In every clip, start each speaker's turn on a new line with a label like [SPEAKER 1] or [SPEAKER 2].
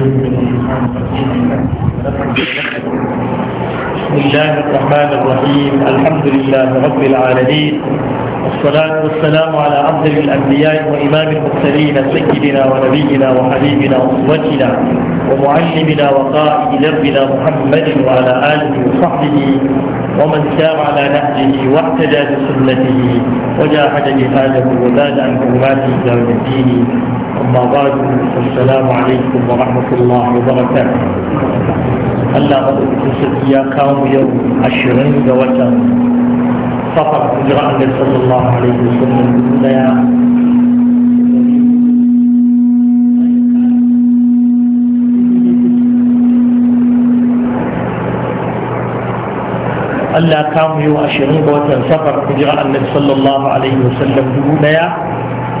[SPEAKER 1] بسم الله الرحمن الرحيم الحمد لله رب العالمين والصلاة والسلام على أفضل الأنبياء وإمام المرسلين سيدنا ونبينا وحبيبنا وأسوتنا ومعلمنا وقائد دربنا محمد وعلى آله وصحبه ومن سار على نهجه واهتدى بسنته وجاهد جهاده وزاد عن كرماته إلى يوم الدين أما بعد فالسلام عليكم ورحمة الله وبركاته Allah maɗaukacin ya kawo yau
[SPEAKER 2] ashirin ga watan safar hijira Allah sallallahu alaihi wasallam daya
[SPEAKER 1] Allah kamu yau ashirin ga watan safar jira annabi sallallahu alaihi wasallam dubu daya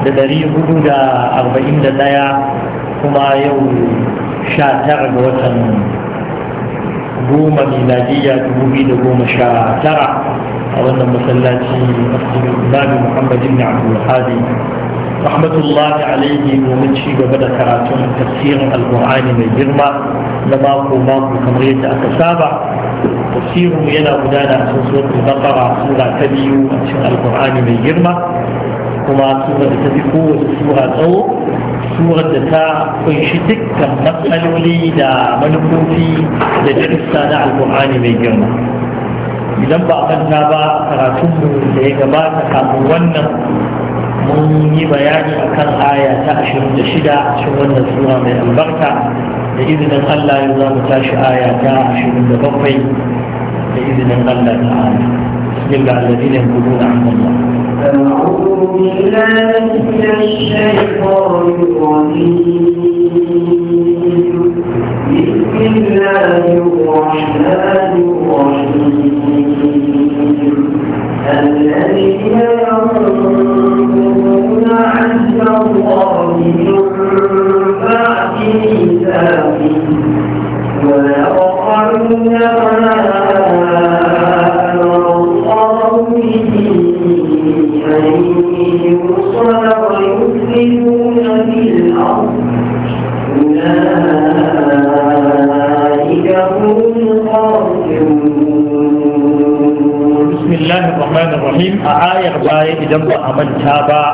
[SPEAKER 1] da dari hudu da arba'in da daya kuma yau sha tara ga watan goma miladiyya dubu biyu da goma sha tara a wannan masallaci masjidin imami muhammad ibn abdul hadi rahmatullahi alaihi domin ci gaba da karatun tafsirin alqur'ani mai girma na mako mako kamar yadda aka saba tafsirin yana gudana a cikin suratul baqara sura ta biyu a cikin alqur'ani mai girma kuma sura da ta fi kowace sura tsawo surar da ta kunshi dukkan matsaloli da manufofi da darussa na alqur'ani mai girma idan ba a manta ba karatunmu da ya gabata kafin wannan mun yi bayani a kan aya ta ashirin da shida a cikin wannan sura mai albarka da izinin Allah ya za mu tashi aya ta ashirin da bakwai da izinin Allah ta ala bismillah alladhina yaquluna amma Allah
[SPEAKER 3] أعوذ بالله من الشيطان الرجيم بسم الله الرحمن الرحيم الأرض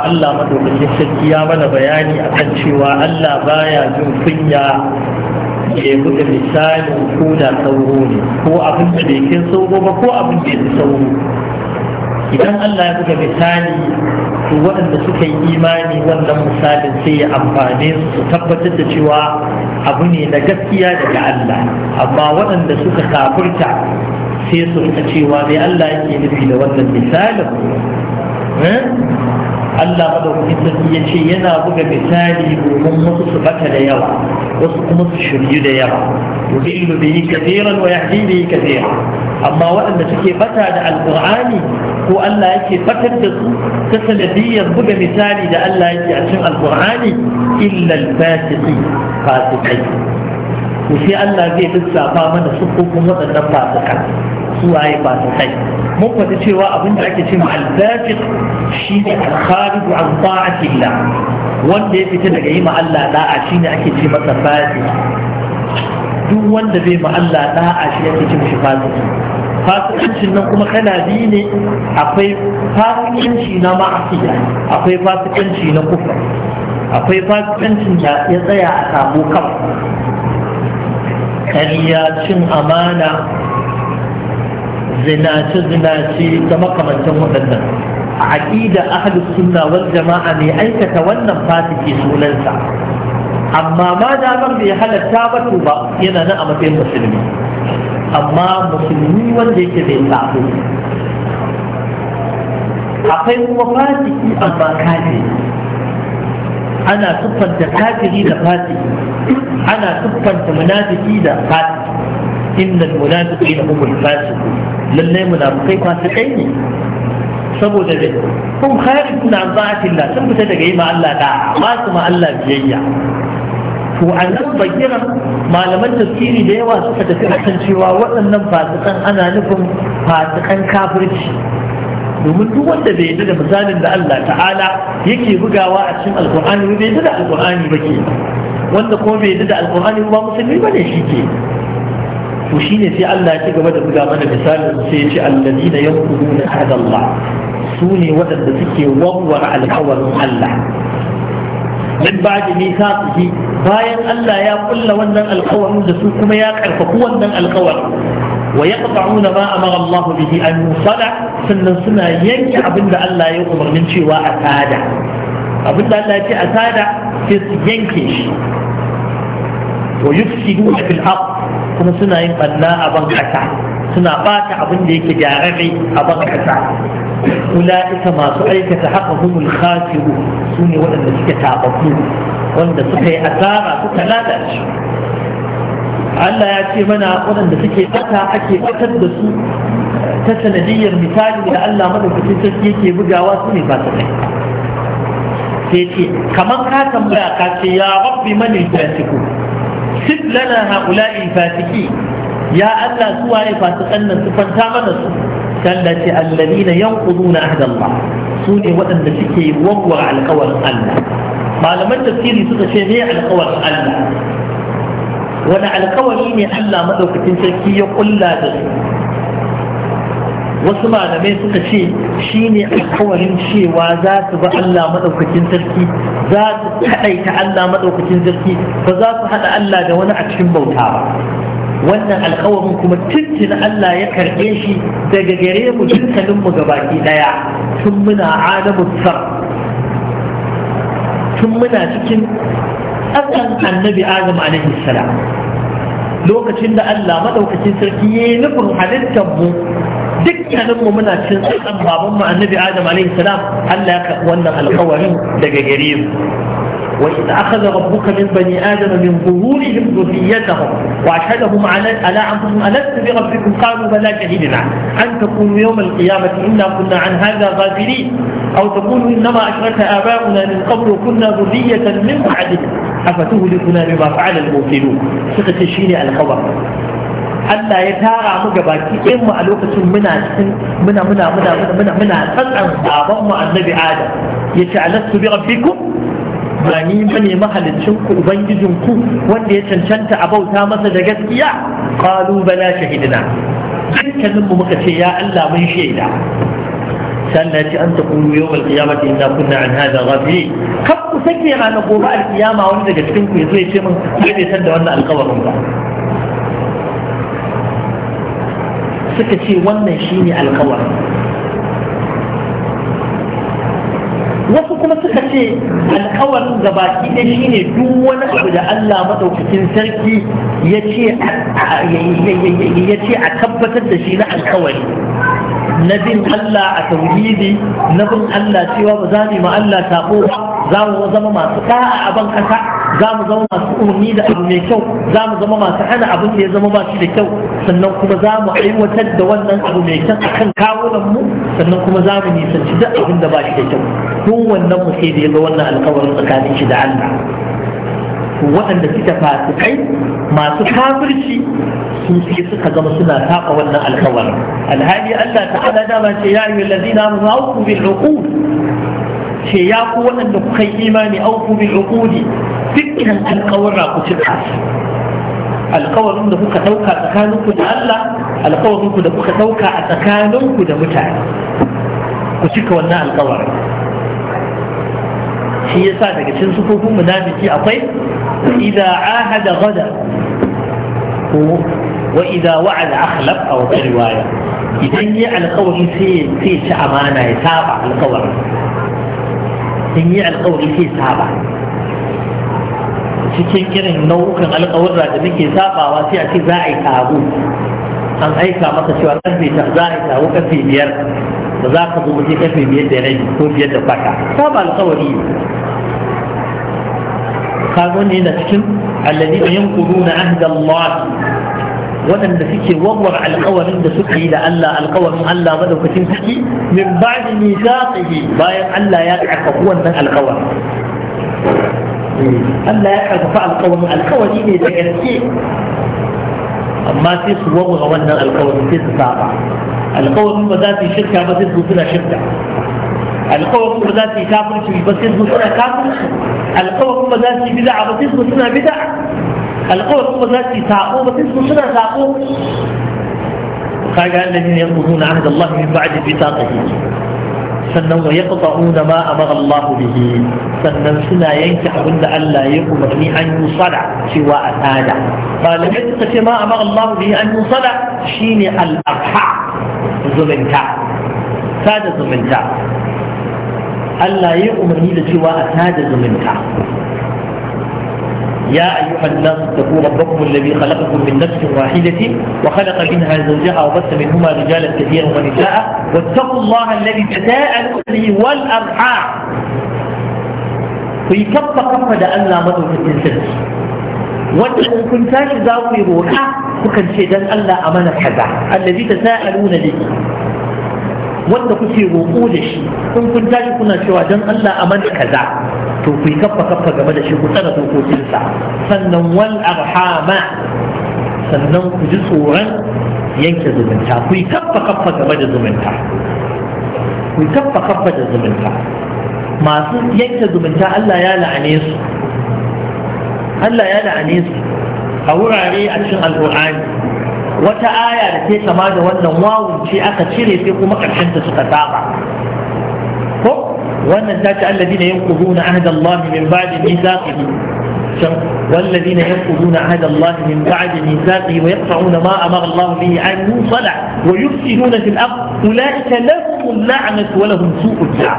[SPEAKER 1] Allah madaukakin sarki ya mana bayani akan cewa Allah baya jin kunya ke buɗe misalin ko da sauro ne ko abin da bai kin sauro ba ko abin da ya sauro idan Allah ya buga misali to waɗanda suka yi imani wannan misalin sai ya amfane su su tabbatar da cewa abu ne na gaskiya daga Allah amma waɗanda suka kafirta sai su rika cewa mai Allah yake nufi da wannan misalin eh? Allah madaukakin sarki ya ce yana buga misali domin wasu su bata da yawa wasu kuma su shiryu da yawa yudillu bihi kathiran wa yahdi bihi kathiran amma waɗanda suke bata da alqur'ani ko Allah yake batar da su ta sanadiyar buga misali da Allah yake a cikin alqur'ani illa al-fasiqi fasiqai to sai Allah zai lissafa mana su ko kuma waɗannan fasikan su waye fasikai mun faɗi cewa abin da ake cewa al-fasiq Shi ne kharij an ta'atillah wanda ya fita daga yi ma Allah da'a shine ake ce masa fasik duk wanda bai ma Allah da'a shi ake ce mishi fasik fasikancin nan kuma kana bi ne akwai fasikanci na ma'asiya akwai fasikanci na kufa akwai fasikancin da ya tsaya a samu kan kariya cin amana zinace zinace da makamantan waɗannan a aqida ahlus sunna wal jama'a mai aikata wannan Fatiki sunansa amma ma damar bai halatta ba to ba yana na a matsayin musulmi amma musulmi wanda yake bai sabo akwai kuma Fatiki amma kafiri ana siffanta kafiri da Fatiki ana siffanta munafiki da fasiki innal munafiqina humul fasiqun lallai munafikai fasikai ne saboda ne kun kharifun an za'atin la sun fita daga yi ma Allah da ba su ma Allah biyayya to a nan bayyana malaman tafsiri da yawa suka tafi a kan cewa waɗannan fasikan ana nufin fasikan kafirci domin duk wanda bai yarda da misalin da Allah ta'ala yake bugawa a cikin alkur'ani bai yarda da alkur'ani ba ke wanda kuma bai yarda da alkur'ani ba musulmi ba ne shi ke to shine sai Allah ya ci gaba da buga mana misalin sai ya ce alladina yanquduna hadallah su ne waɗanda suke warware alkawarin Allah min ba da nisa su bayan Allah ya kulla wannan alkawarin da su kuma ya karfafi wannan alkawarin wa ya ƙafa'una ma Allah bihi an yusala sannan suna yanke abin da Allah ya umarnin cewa a tada abin da Allah ya ce a tada sai su yanke shi wa a fil ardh kuma suna yin banna a ban kasa suna ɓata abin da yake gyararre a ban kasa masu أولئك ما سألك حقهم الخاسرون سوني وأن سك تعبطون وأن سك أثارا سك لا داش Allah ya ce mana waɗanda suke ɓata ake ɓatar da su ta sanadiyyar misali da Allah madaukakin sarki yake bugawa su ne ba su kai sai ce kamar ka tambaya ka ce ya rabbi mani fasiku sif lana haula'i fasiki ya Allah su waye fasikan nan su fanta mana su Allah ce alladina yanquduna ahdallah su ne waɗanda suke wawwara alƙawarin Allah malaman tafsiri suka ce ne alƙawarin Allah wani alƙawari ne Allah madaukakin sarki ya kulla da su wasu malamai suka ce shi ne alkawarin cewa za su ba Allah maɗaukacin sarki za su haɗaita Allah maɗaukacin sarki ba za su haɗa Allah da wani a cikin bauta ba wannan alkawarin kuma tuntun Allah ya karɓe shi daga gare mu dukkanin mu gabaki daya tun muna alamun sar tun muna cikin tsakan annabi adam alaihi salam lokacin da Allah maɗaukacin sarki ya yi nufin halittar mu dukkanin mu muna cikin tsakan babanmu mu annabi adam alaihi salam Allah ya karɓi wannan alkawarin daga gare mu وإذ أخذ ربك من بني آدم من ظهورهم ذريتهم وأشهدهم على ألا أنفسهم ألست بربكم قالوا بلى شهدنا أن تقولوا يوم القيامة إنا كنا عن هذا غافلين أو تقولوا إنما أشرك آباؤنا من قبل وكنا ذرية من بعدهم أفتهلكنا بما فعل ثقة الشين على الخبر Allah ya tara mu ga baki in mu a lokacin muna cikin muna muna muna muna muna tsantsan baban mu annabi Adam yace alastu bi rabbikum ba ni bane mahalicin ku ubangijin ku wanda ya cancanta a bauta masa da gaskiya qalu bala shahidna dukkanin mu muka ce ya Allah mun shaida sannan ce an taqulu yawm al-qiyamati inna kunna an hadha rafi? kab ku sake ranar gobe al-qiyama wani daga cikin ku yazo ya ce min kai bai san da wannan alƙawarin ba suka ce wannan shine alƙawarin wasu kuma suka ce alkawarin da baki ɗaya shine duk wani abu da Allah maɗaukacin sarki ya ce a tabbatar da shi na alkawari na bin Allah a tauhidi na bin Allah cewa ba za mu ma Allah tabo za mu zama masu da'a a ban kasa za mu zama masu umarni da abu mai kyau za mu zama masu hana abin da ya zama ba shi da kyau sannan kuma za mu aiwatar da wannan abu mai kyau a kan kawunan mu sannan kuma za mu nisanci duk abin da ba shi da kyau duk wannan mu sai da ya ga wannan alkawarin tsakanin shi da Allah waɗanda suka fasikai masu kafirci sun ce suka zama suna taka wannan alkawarin alhali Allah ta'ala dama ce ya yi ladina mu auku bil uqud ce ya ku waɗanda kuka yi imani auku bil uqud dukkan alkawarra ku cika alkawarin da kuka ɗauka tsakaninku da Allah alkawarinku da kuka ɗauka a tsakaninku da mutane ku cika wannan alkawarin shi yasa daga cikin sufofin munafiki akwai فإذا عاهد غدا وإذا وعد أخلف أو في رواية إذن يعلى قولي في في شعبانة يتابع القول إذن يعلى قولي في سابع cikin irin nau'ukan alƙawarra da muke sabawa sai a ce za a yi tabu an aika masa cewa karfe ta za a yi tabu karfe biyar da za ka zo waje karfe biyar da rabi ko biyar da kwata saba alƙawari kaga wannan yana cikin alladhina yanquduna ahda Allah waɗanda suke wawar alƙawarin da suka yi da Allah alƙawarin Allah madaukakin ciki min ba'di mithaqihi bayan Allah ya karfafa wannan alƙawari Allah ya karfafa alƙawarin alƙawari ne da gaske amma sai su wawar wannan alƙawarin sai su saba alƙawarin ba za su yi shirka ba sai su suna shirka alƙawar kuma za su yi kafirci ba sai su suna kafirci alƙawar kuma za su yi bida ba sai su suna bida alƙawar kuma za su yi saƙo ba sai su suna saƙo kaga annabin ya kuzo na ahad Allah min ba'di bitaqati sannan wa yaqta'una ma amara Allah bihi sannan suna yanke abin da Allah ya umarni an yi sada cewa a tsada malamai ta ce ma amara Allah bihi an yi sada shine al-arha zumunta sada zumunta Allah ya yi umarni da cewa يا أيها الناس اتقوا ربكم الذي خلقكم من نفس واحدة وخلق منها زوجها وبث منهما رجالا كثيرا ونساء واتقوا الله الذي تساءلون به والأرحام في كف كف ده الله مدعو في الإنسان وأنتم كنتاش ذاوي روحا وكان شيدا ده الله أمانة حذا الذي تساءلون به wanda kuke roƙo da shi in kun tashi kuna cewa don Allah a mana kaza to ku yi kaffa kaffa game da shi ku tsara dokokinsa sannan wal arhama sannan ku ji tsoron yanke zumunta ku yi kaffa kaffa game da zumunta ku kaffa kaffa da zumunta masu yanke zumunta Allah ya la'ane su Allah ya la'ane su a wurare a cikin al alƙur'ani wata aya da ke kama da wannan wawun ce aka cire sai kuma ƙarshen ta suka saba ko wannan ta ce alladina yanquduna ahda Allah min ba'di mithaqihi والذين ينقضون عهد الله من بعد ميثاقه ويقطعون ما امر الله به ان يوصل ويفسدون في الارض اولئك لهم اللعنه ولهم سوء الدار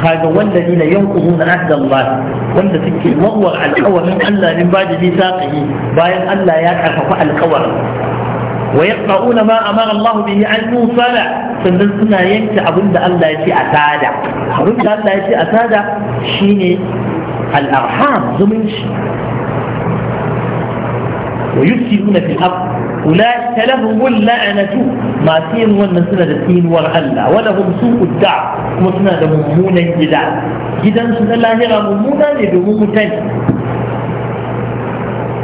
[SPEAKER 1] kaga wanda ne na ahda Allah wanda suke warwar alƙawarin Allah min ba da saqihi bayan Allah ya karfafa alƙawarin wa yaqauna ma amara Allah bihi an yusala sannan suna yanke abinda Allah ya ce a tada abinda Allah ya ce a tada shine al-arham zumunci wa yusiruna fil ardh أولئك لهم اللعنة ما سين والنسنة سين والغلة ولهم سوء الدع مثنى ممونا جدا جدا سنة الله يرى ممونا لدموم تاني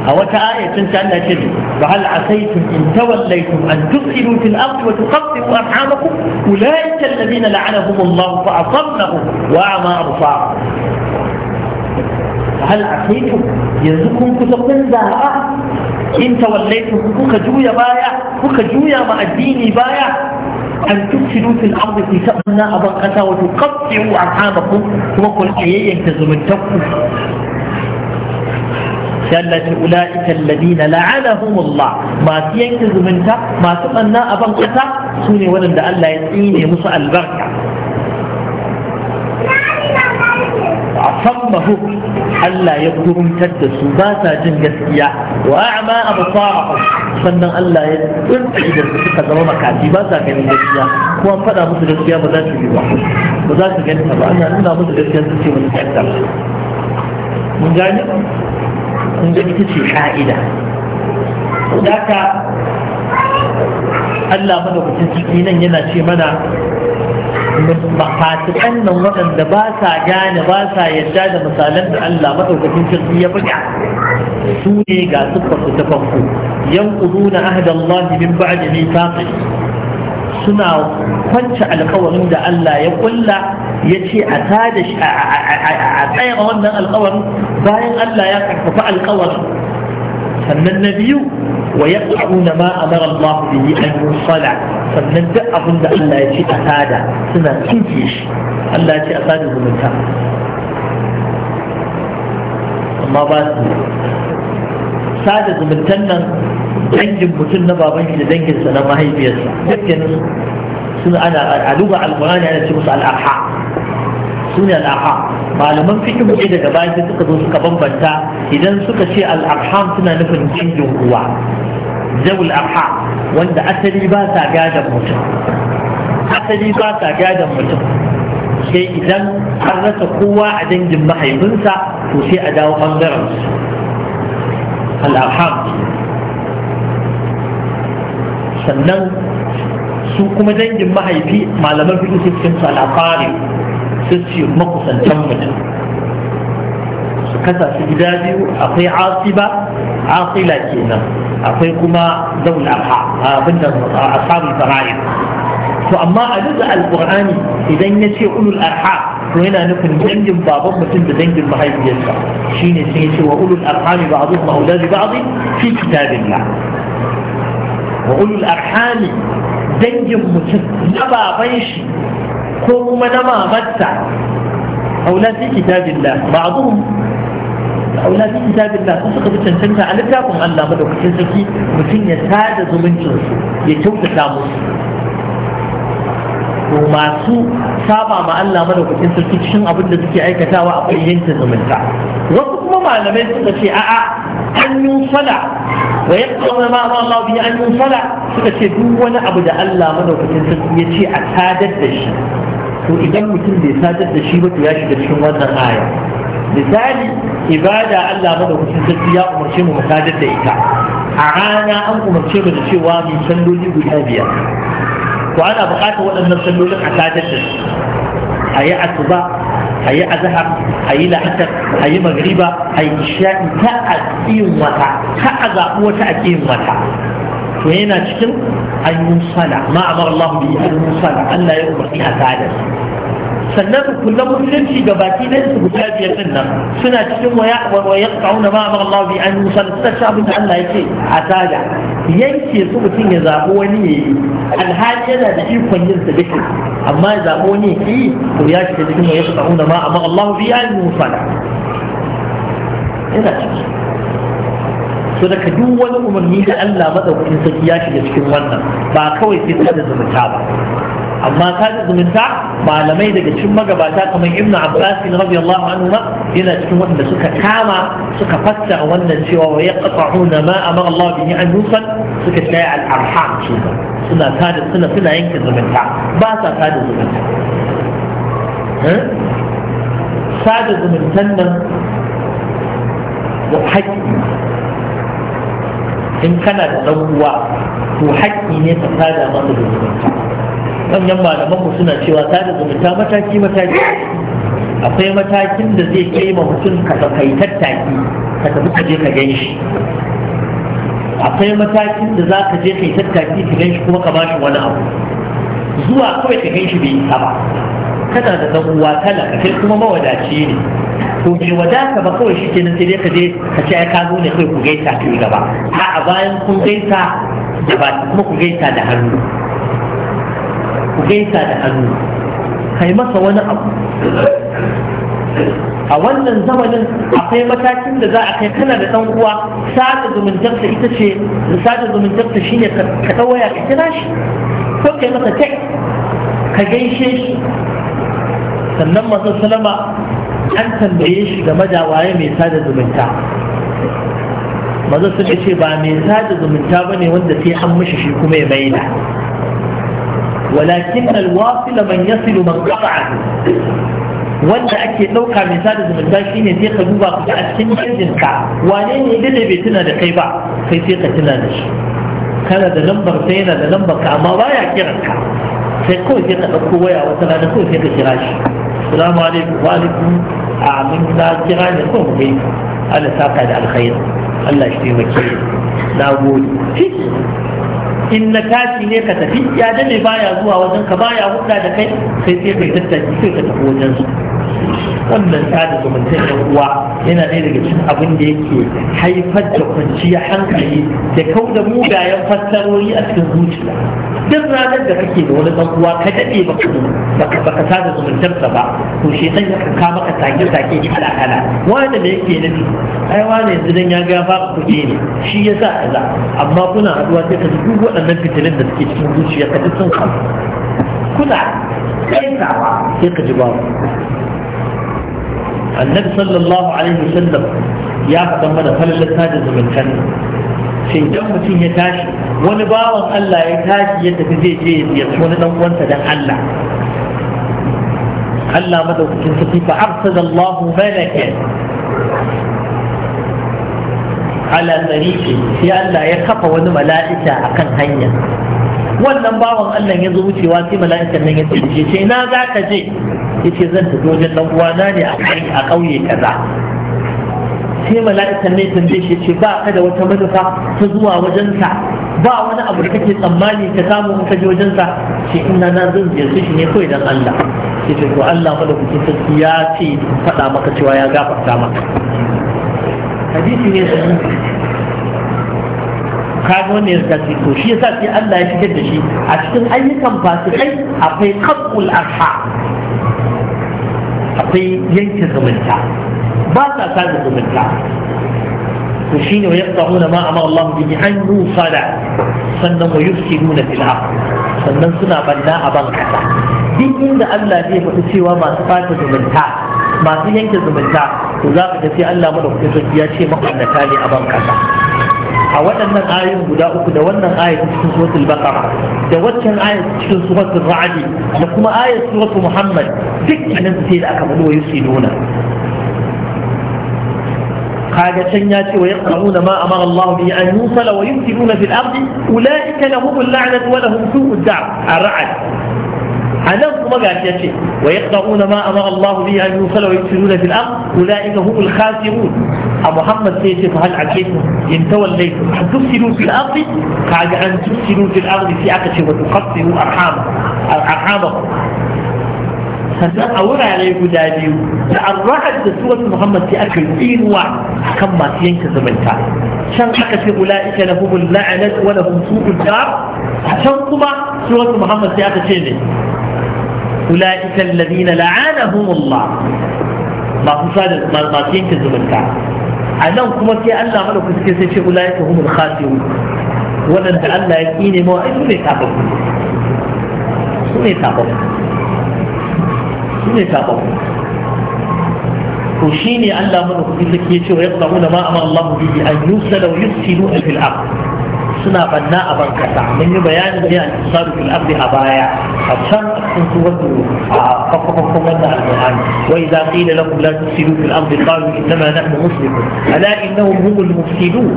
[SPEAKER 1] أو آية تنسى كذب فهل عسيتم إن توليتم أن تدخلوا في الأرض وتقطعوا أرحامكم أولئك الذين لعنهم الله فأصمهم وأعمى أبصارهم هل عسيتم يزكم كتب من in tawallaitu kuka juya baya kuka juya ma addini baya an tufsidu fil ardi fi tabna aban qata wa tuqatti'u arhamakum kuma kun ayyayyanta zumuntakku التي أولئك الذين لعنهم الله ما تينكز منها ما تمنى أبن قطع سوني ولن دع الله يتعيني مساء البركة أصمه Allah ya kurumtar da su ba sa jin gaskiya wa abu absarahum sannan Allah ya tsinta idan suka zama makafi ba sa ganin gaskiya kuma faɗa musu gaskiya ba za su yi ba ba za su ganta ba ana nuna musu gaskiya su ce wani gaskiya mun gane mun ga ita ce ka'ida da ka Allah madaukakin ciki nan yana ce mana fasikan nan waɗanda ba sa gane ba sa yadda da misalan da Allah maɗaukacin sarki ya buga su ne ga siffar su ta farko yanquduna ahda Allah min ba'di mithaqi suna kwance alkawarin da Allah ya kulla ya ce a tada shi a wannan alƙawarin, bayan Allah ya karfafa alƙawarin. sannan na biyu ويقعون ما أمر الله به أن يصلع sannan duk abin Allah ya ce a tada suna tsinke shi Allah ya ce a tada zumunta amma ba su sada zumuntan nan dangin mutum na baban shi da na mahaifiyarsa dukkanin suna ana a lugar ana ce musu al'arha يسمون الأرحام malaman fikin ne daga baya sai suka zo suka bambanta idan suka ce al suna nufin dangin uwa zawul arham wanda asali ba sa gadan mutum asali ba sa gadan mutum sai idan an rasa kowa a dangin mahaifinsa to sai a dawo bangaren su al sannan su kuma dangin mahaifi malaman fikin sun su al'afari. sai su makusantan mutum su kasa su gida biyu akwai asiba asila kenan akwai kuma zaul arha abin da ashabul to amma a duka idan ya ce ulul arha to yana nufin dangin baban mutum da dangin mahaifiyarsa shine sai ya ce wa ulul arhami ma awla ba ba'd fi kitabillah wa ulul arhami dangin mutum na baban shi ko kuma na mamarta aula fi kitabillah ba'dhum aula kitabin da su suka fi cancanta a littafin Allah madaukakin sarki mutum ya sada zumuncin ya kyautata musu to masu saba ma Allah madaukakin sarki cikin abin da suke aikatawa akwai yanke zumunta wasu malamai suka ce a'a an yi sala wa ya tsawon ma ma Allah bi an yi sala suka ce duk wani abu da Allah madaukakin sarki ya ce a sadar da shi to idan mutum bai sadar da shi ba to ya shiga cikin wannan aya misali ibada Allah madaukakin sarki ya umarce mu mu sadar da ita a rana an umarce mu da cewa mu salloli guda biyar ko ana buƙatar waɗannan sallolin a sadar da su a yi asuba a yi azahar, a yi la'asar a yi magriba a yi isha'i ta a tsiyin wata ta a zaɓi wata a tsiyin wata to yana cikin an yi ma amara Allah bi an musala Allah ya umarni a sannan rukunan musulunci ga baki na su guda biyar din nan suna cikin waya wa ya kauna ma amara Allah bi an musal ta sabin da Allah yake a tada yanke su mutum ya zabo wani ya yi alhaji yana da ikon yin sa duka amma ya zabo wani ya yi to ya shiga cikin waya ya kauna ma amara Allah bi an musal yana ciki so daga duk wani umarni da Allah madaukakin sarki ya shiga cikin wannan ba kawai sai ta da zumunta ba amma ta da zumunta malamai daga cikin magabata kamar ibn abbas radiyallahu anhu ma yana cikin wanda suka kama suka fassara wannan cewa wa yaqta'una ma amara Allah bihi an yusal suka tsaya al-arham suna tada suna suna yanke zumunta ba sa tada zumunta sada zumuntan nan haƙƙi in kana da ɗan uwa to haƙƙi ne ka sada masa da zumunta manyan malaman mu suna cewa sada zumunta mataki mataki akwai matakin da zai kai ma mutum ka kai tattaki ka tafi ka je ka gan shi akwai matakin da za ka je kai tattaki ka gan shi kuma ka bashi wani abu zuwa kawai ka gan shi bai isa ba kana da dan uwa kana kai kuma mawadaci ne to bai wadata ba kawai shi kenan sai dai ka je ka ce ka zo ne kai ku gaisa ku gaba a bayan kun gaisa da ba kuma ku gaisa da hannu ku gaisa da hannu kai masa wani abu a wannan zamanin akwai matakin da za a kai kana da ɗan uwa sada zumuntarsa ita ce sada zumuntarsa shine ka ɗawaya ka kira shi ko kai masa tek ka gaishe shi sannan masu salama an tambaye shi game da waye mai sada zumunta maza suka ce ba mai sada zumunta ba ne wanda sai an mishi shi kuma ya maida walakin alwasila man yasilu man qata'ahu wanda ake ɗauka mai sada zumunta shi ne sai duba ka a cikin jirginka wane ne da bai tuna da kai ba kai sai ka tuna da shi kana da lambar sai yana da lambar ka amma baya kiran ka sai kawai sai ka ɗauko waya wata rana kawai sai ka kira shi salamu alaikum wa alaikum na kira ne saka da alkhairi Allah shi na gode in na tashi ne ka tafi ya dane baya zuwa wajen ka baya hudda da kai sai sai kai tattaki sai ka tafi wajen su wannan sada zumuntar uwa yana ɗaya daga cikin abin da yake haifar da kwanciya hankali da kau da mugayen fassarori a cikin zuciya duk ranar da kake da wani ɗan uwa ka daɗe baka baka sada zumuntarsa ba to shi sai ya ka maka sake take kala kala wanda da yake nufi ai wani yanzu dan ya ga ba kuɗi ne shi yasa kaza amma kuna haɗuwa sai ka duk waɗannan fitilin da suke cikin zuciya ka duk sun kuna kaisawa sai ka ji babu annabi sallallahu alaihi wasallam ya faɗa mana falalata da zumuntan sai idan mutum ya tashi wani bawan Allah ya tashi ya tafi zai je ya wani dan uwansa dan Allah Allah madaukakin sarki fa arsala Allah malakan ala tariqi sai Allah ya kafa wani mala'ika akan hanya wannan bawan Allah ya zo wucewa sai mala'ikan nan ya ce ce na za ka je ce zan tafi wajen dan uwana ne a ƙauye kaza sai mala'ikan ne tambaye shi ce ba ka da wata manufa ta zuwa wajensa ba wani abu da kake tsammani ka samu in ka je wajensa ce ina na zan ziyarci shi ne kawai dan Allah ya ce ko Allah madaukakin sarki ya ce faɗa maka cewa ya gafarta maka hadisi ne sun kaga wannan ya zaci to shi yasa sai Allah ya shigar da shi a cikin ayyukan fasikai akwai qabul arha akwai yankin zumunta ba sa sada zumunta to shi ne wa yaqta'una ma amara Allah bihi an yusala sannan wa yufsiduna fil ardh sannan suna banna a ban kasa duk inda Allah zai faɗi cewa masu fata zumunta masu yanke zumunta to za ka ga sai Allah madaukakin sarki ya ce maƙwannata ne a ban kasa a waɗannan ayoyin guda uku da wannan ayat cikin suratul baqara da waccan ayat cikin suratul ra'd da kuma ayat suratul muhammad duk su sai da aka faɗo yusiluna kaga can ya ce wa yaqra'una ma amara Allah bi an yusala wa yufsiduna fil ardi ulaika lahum al-la'natu wa lahum su'ud da'a ar-ra'd anan kuma ga ya ce wa yaqra'una ma amara Allah bi an yusala wa yufsiduna fil ardi ulaika hum al-khasirun أبو محمد سيسف هل عليكم ينتوليكم أن تفسدوا في الأرض قال أن تفسدوا في الأرض في أكثر وتقصروا أرحامكم أرحامكم فسأل أولا عليك داديو سأل راح سورة محمد في أكل إين واحد كم ما تينك زمن كان شان أولئك لهم اللعنة ولهم سوء الدار شان كما سورة محمد في أكل أولئك الذين لعانهم الله ما فساد ما تينك زمن كان a nan kuma sai Allah mana kuske sai ce ula yake humul khasiru waɗanda Allah ya ƙi ne mawa su ne tafafu su ne tafafu su ne tafafu to shi ne Allah mana kuske sai ya ce wa yaqra'una ma amara Allah bihi an yusala wa yusilu fil ardh suna banna a bankasa mun yi bayanin da yana tsaro fil ardi a baya a can a cikin suratu a kafafan farko da alqur'ani wa idza qila lakum la tusidu fil ardi qalu innama nahnu muslimun ala innahum humul mufsidun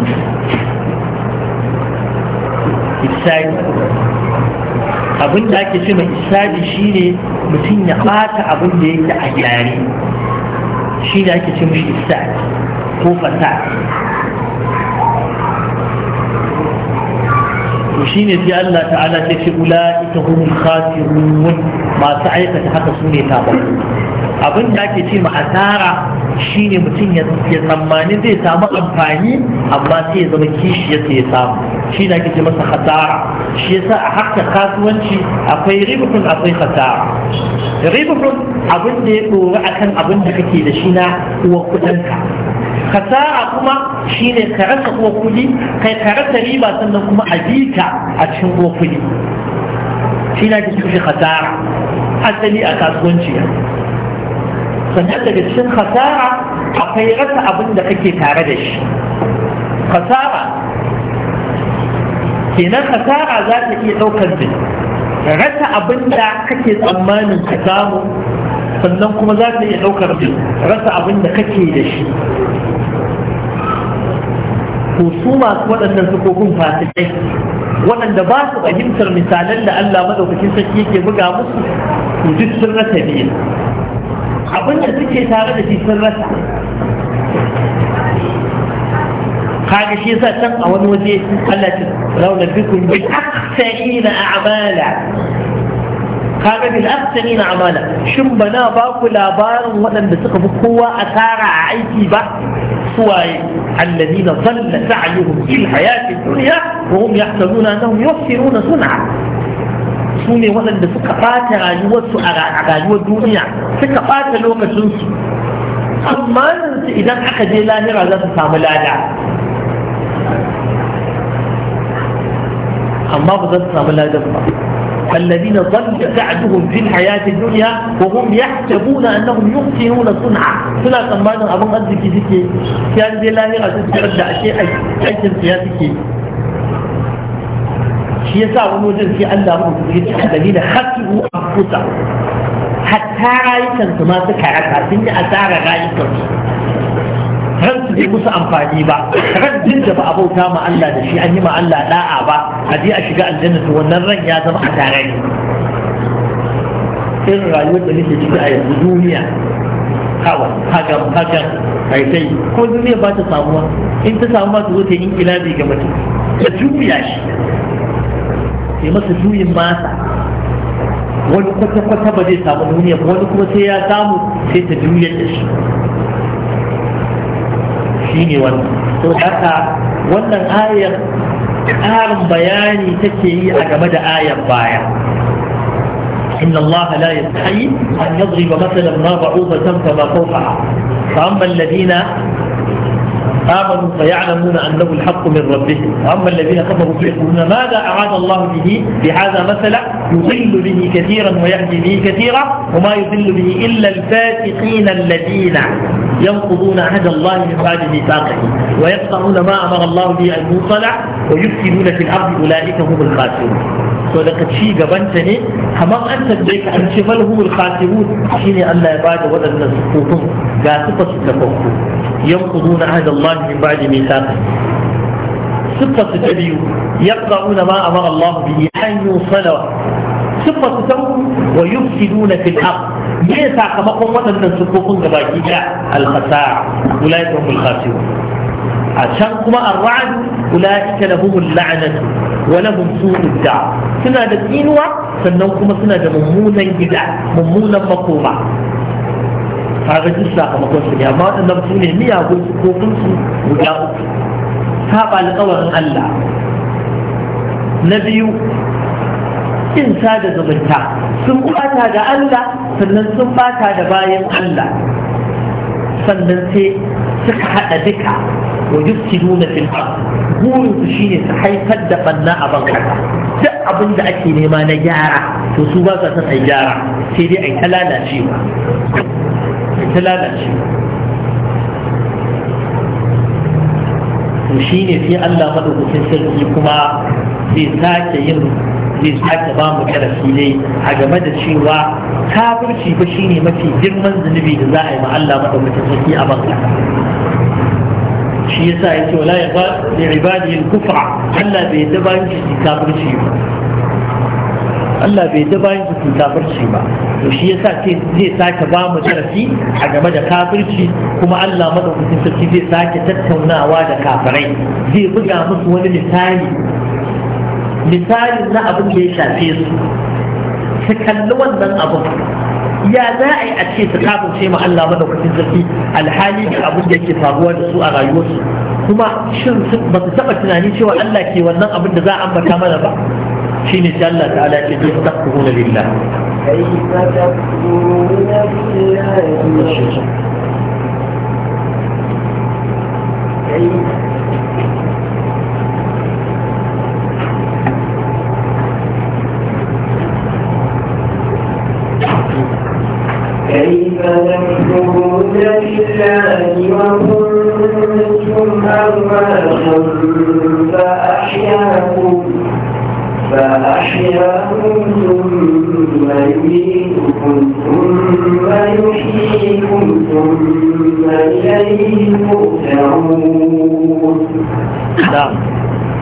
[SPEAKER 1] isadi abin da ake cewa mai shine mutum ya bata abin da yake a gari shi da ake cewa mishi isadi ko fasad shine sai Allah ta'ala ta ce ula'ika humul khasirun masu aikata haka su ne tababbu abin da ake ce ma asara shine mutum ya tsammani zai samu amfani amma sai ya zama kishi ya ya samu shi da ake ce masa khasara shi yasa a haka kasuwanci akwai ributun akwai khasara ributun abin da ya dora akan abin da kake da shi na uwar kudinka Kasara kuma shine ka rasa kuma kai ka rasa riba sannan kuma a bita a cikin kuma shi na ke cikin kasa'a asali a kasuwanci sannan daga cikin kasara akwai rasa abin da kake tare da shi kasa'a kenan kasara za ta iya ɗaukar da rasa abin da kake tsammanin ka samu sannan kuma za ta iya ɗaukar rasa abin da kake da shi to su masu waɗannan sukofin fasikai waɗanda ba su fahimtar misalan da Allah madaukakin sarki yake buga musu to duk sun rasa biyu abin da suke tare da shi sun rasa kaga shi yasa can a wani waje Allah ta rauna bikum bil aksarina a'mala kaga bil aksarina a'mala shin bana ba ku labarin waɗanda suka fi kowa asara a aiki ba suwaye الذين ظل سعيهم في الحياة الدنيا وهم يحسبون أنهم يفسرون صنعا سوني وانا بسكة فاتة عجوة سؤال عجوة الدنيا سكة فاتة لو مسوس
[SPEAKER 2] ثم إذا أحد
[SPEAKER 1] الله رضا تعمل على أما بذل تعمل على الذين ضل سعدهم في الحياة الدنيا وهم يحسبون أنهم يحسنون صنعا سنة تنبانا أبو أدرك ذكي كان دي الله أدرك أدرك شيء أي سياسي shi ya sa wani wajen sai Allah mu ya ce alladhi da khasiru anfusa hatta rayukan su ma suka yi asara rayukan bai musu amfani ba ran da ba abauta ma Allah da shi an yi ma Allah da'a ba a je a shiga aljanna to wannan ran ya zama a tare ne in rayuwar da nake ciki a yanzu duniya kawai hagan hagan kai kai ko duniya ba ta samuwa in ta samu ma ta zo ta yi inkilabi ga mutum ta juya shi sai masa juyin masa wani kwata-kwata ba zai samu duniya wani kuma sai ya samu sai ta juyar da shi shi ne wannan to haka wannan ayar ƙarin bayani take yi a game da ayar baya إن الله لا يستحي أن يضرب مثلا ما بعوضة فما فوقها فأما الذين آمنوا فيعلمون أنه الحق من ربهم وأما الذين كفروا فيقولون ماذا أراد الله به بهذا مثلا يضل به كثيرا ويهدي به كثيرا وما يضل به إلا الفاسقين الذين ينقضون عهد الله من بعد ميثاقه ويقطعون ما امر الله به ان ويفسدون في الارض اولئك هم الخاسرون to da ci gabanta ne kamar an tambaye ka an ce bal khasirun shine Allah ya bada waɗannan sufufin ga sufa su ta yanquduna ahda Allah min ba'di mithaqi sufa su ta yaqra'una ma amara Allah bihi an yusala sufa su ta wa yufsiduna fil ardh me sakamakon waɗannan sufofin gabaki ɗaya al-khasara ulaika humul khasirun a can kuma ar-ra'd ulaika lahumul la'natu wa lahum su'ud da suna da tsinuwa sannan kuma suna da mummunan gida mummunan makoma kaga duk sakamakon su ne amma waɗannan su ne miyagun sufofin su guda uku saba alƙawarin Allah na biyu kin sada zumunta sun bata da Allah sannan sun bata da bayan Allah sannan sai suka haɗa duka wa yufsiduna fil ard burin su shine su haifar da banna a bankasa duk abin da ake nema na gyara to su ba sa son ai gyara sai dai ai ta lalacewa ai ta lalacewa to shine sai Allah madaukakin sarki kuma zai sake yin zai sake ba mu darasi ne a game da cewa kafirci ba shine mafi girman zunubi da za a yi ma Allah madaukakin sarki a banka shi yasa yake wala ya ba li ibadihi al-kufra Allah bai da bayan shi kafirci ba Allah bai da bayan shi kafirci ba to shi yasa zai sake ba mu darasi a game da kafirci kuma Allah madaukakin sarki zai sake tattaunawa da kafirai zai buga musu wani misali misali na abin da ya shafe su su kalli wannan abin ya za a yi a ce su kafin ma Allah madaukakin sarki alhali da abin da yake faruwa da su a rayuwarsu kuma shin ba su taɓa tunani cewa Allah ke wannan abin da za a ambata mana ba shine sai Allah ta'ala ya ce dai taqulu lillah
[SPEAKER 3] كيف تكفرون بالله كيف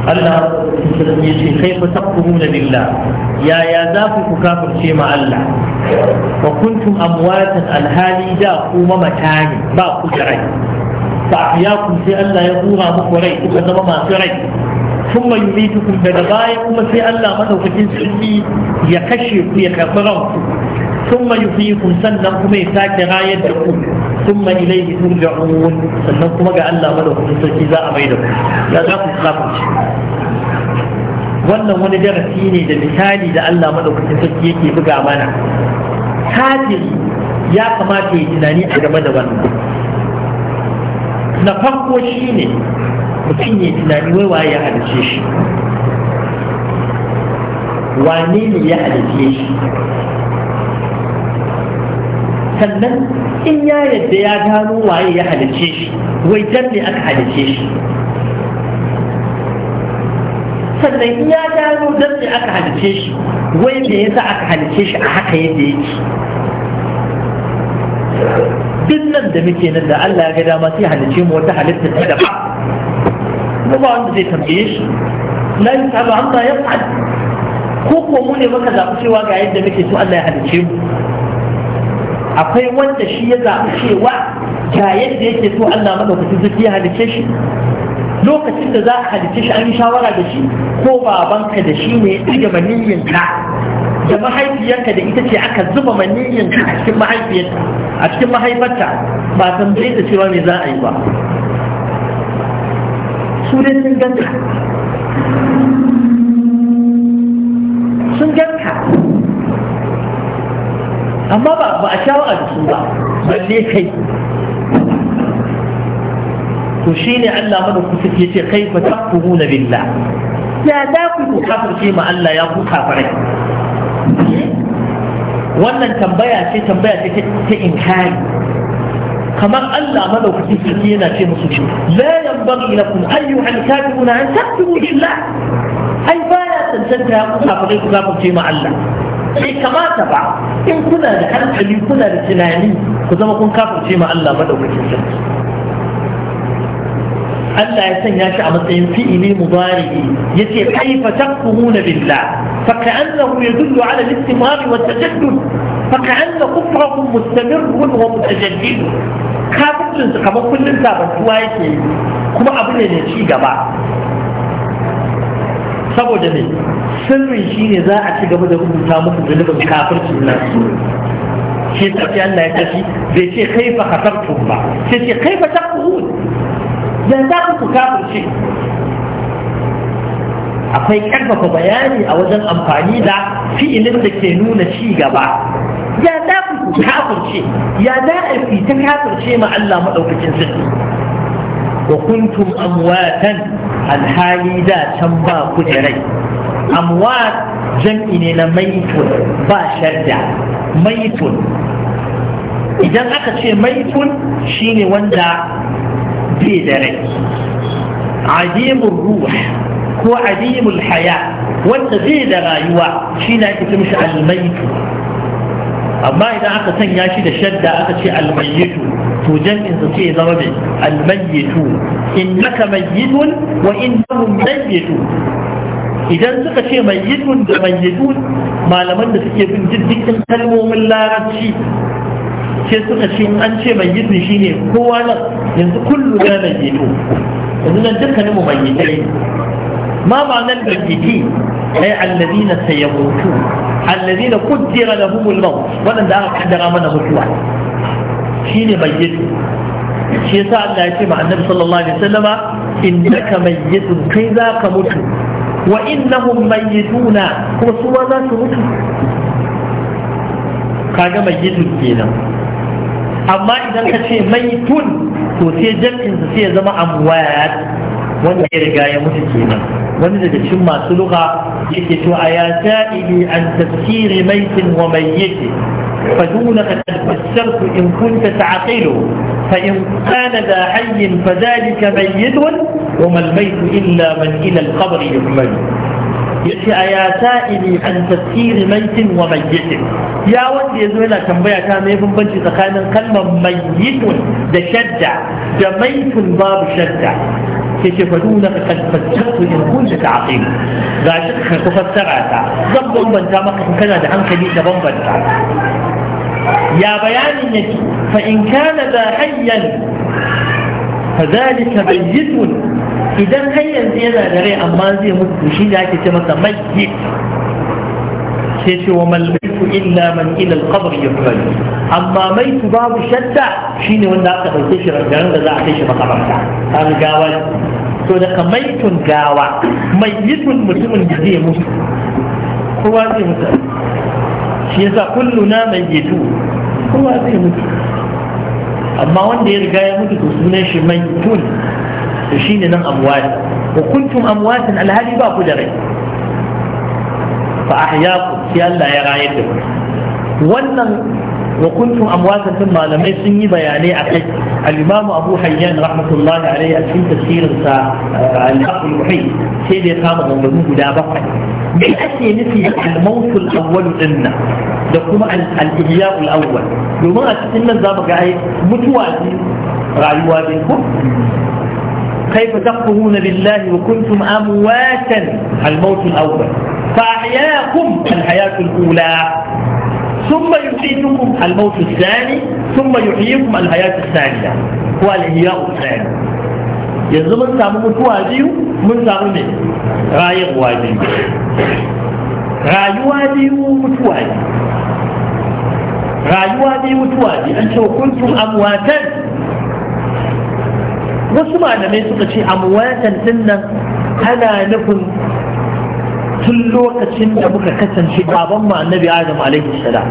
[SPEAKER 1] Allah ya ce kai fa takfuruna billah
[SPEAKER 3] ya ya za
[SPEAKER 1] ku ku kafirce ma Allah wa kuntum amwatan alhali da ku mamata ne ba ku da rai fa ahyakum sai Allah ya hura muku rai kuka zama masu rai ثم يميتكم بدبايا كما سي الله مدوكتين سلمي يكشف يكفرنكم ثم يحييكم سنكم يساك رايتكم ثم إليه ترجعون سنكم قال الله مدوكتين سلمي ذا أميدكم لا تقف wannan wani darasi ne da misali da Allah madaukakin sarki yake buga mana kafiri ya kamata ya tunani a game da wannan na farko shi shine mutum ya tunani wai waye ya halice shi wane ne ya halice shi sannan in ya yadda ya gano waye ya halice shi wai dan ne aka halice shi sannan in ya gano dan ne aka halice shi wai me yasa aka halice shi a haka yadda yake duk nan da muke nan da Allah ya ga dama sai halice mu wata halitta ta daban kuma ba wanda zai tambaye shi la yusalu amma yaf'al ko ko mu ne muka zaɓi cewa ga yadda muke so Allah ya halice mu akwai wanda shi ya zaɓi cewa ga yadda yake so Allah madaukakin zuciya halice shi lokacin da za a halitta shi an yi shawara da shi ko babanka da shi ne ga maniyyinka da mahaifiyarka da ita ce aka zuba maniyyinka a cikin mahaifiyarta a cikin mahaifarta ba tambaye da cewa me za a yi ba su dai sun ganka sun ganka amma ba a shawara da su ba balle kai to ne Allah ce madaukaki yace kaifa na billah ya za ku kafirce ma Allah ya ku kafirai wannan tambaya ce tambaya ce ta inkari kamar Allah madaukaki sarki yana ce musu ce la yanbaghi lakum ayyuha al-kafiruna an takfuru billah ai ba baya tantance ya ku kafirai ku kafirce ma Allah Sai kamata ba in kuna da hankali kuna da tunani ku zama kun kafirce ma Allah madaukakin sarki Allah ya sanya shi a matsayin fi'ili mudari yace kaifa takfuruna billah fa ka'annahu yadullu ala al-istimrar wa tajaddud fa ka'anna kufrakum mustamirrun wa mutajaddid kafirin su kamar kullun sabantuwa yake kuma abu ne ne ci gaba saboda ne sirrin shine za a ci gaba da rubuta muku zulubin kafircin nan shi tafi Allah ya tafi bai ce kaifa khatartum ba sai ce kaifa takfurun dan za ku kafirce akwai karfafa bayani a wajen amfani da fi'ilin da ke nuna ci gaba
[SPEAKER 3] ya za ku kafirce
[SPEAKER 1] ya za a fi ta kafirce ma Allah maɗaukacin sirri wa kuntum amwatan alhali da can ba ku da rai amwat jam'i ne na maitun ba sharda maitun idan aka ce maitun shine wanda bai da ruh ko azimul haya wanda bai da rayuwa shi na ake cin amma idan aka sanya shi da shadda aka ce almaitu to jam'in sa ce mai almaitu innaka mayyitun wa innahum mayyitun idan suka ce da malaman da suke bin kalmomin larabci sai suka ce an ce mai yi shi ne kowa nan yanzu kullu ya mai yi yanzu nan dukkanin mu mai yi ma ba nan da yi ai allazina sayamutu allazina qaddara lahumul maut wannan da aka kaddara mana mutuwa Shi ne mai yi shi yasa Allah ya ce ma annabi sallallahu alaihi wasallama mai mayyitun kai za ka mutu wa innahum mayyituna
[SPEAKER 2] kuma su ma za su mutu
[SPEAKER 1] kaga mayyitun kenan amma idan ka ce mai tun to sai jam'in sa sai ya zama amwat wanda ya riga ya mutu kenan wani daga cikin masu luka yake to a ya sa'ili an tafsiri maitin wa mai mayyiti فدونك قد فسرت إن كنت تعقله فإن كان ذا حي فذلك ميت وما الميت إلا من إلى القبر يحمل yace ya sa'ili an tafsiri maitin wa mayyitin ya wanda yazo yana tambaya ta mai bambanci tsakanin kalmar mayyitun da shadda da maitun babu shadda ce fa duna ka tafsirtu in kunta ta'qil ga shi ka fassara ta zan bambanta maka kana da hankali da bambanta ya bayanin yake fa in kana da hayyan فذلك ميت idan har yanzu yana da rai amma zai mutu shi ne ake ce masa mayyit sai ce wa malmaitu illa man ila alqabr yufrad amma maitu babu shadda ne wanda aka dauke shi rangaran da za a kai shi makabarta an gawa to daga maitun gawa mayyitun mutumin da zai mutu kowa zai mutu shi yasa kulluna mai mayyitu kowa zai mutu amma wanda ya riga ya mutu to sunan shi maitun to shine nan amwat wa kuntum alhali ba ku da rai fa ahyaakum sai Allah ya rayar da ku wannan wa kuntum din malamai sun yi bayanai akai al-imamu Abu Hayyan rahmatullahi alaihi a cikin tafsirin sa uh, al-Aql Muhit sai da ya kama gangamu guda bakwai me ake nufi da al-mawtul awwal dinna da kuma al-ihya awwal domin a cikin nan za mu ga ai mutuwa ne rayuwa ne ko كيف تكفرون بالله وكنتم أمواتا الموت الأول فأحياكم الحياة الأولى ثم يحييكم الموت الثاني ثم يحييكم الحياة الثانية هو الإحياء الثاني yanzu mun samu mutuwa biyu mun samu ne rayuwa biyu rayuwa biyu mutuwa biyu rayuwa biyu mutuwa biyu an ce kuntum amwatan wasu malamai suka ce amwatan dinnan ana nufin tun lokacin da muka kasance baban mu annabi adam alaihi salam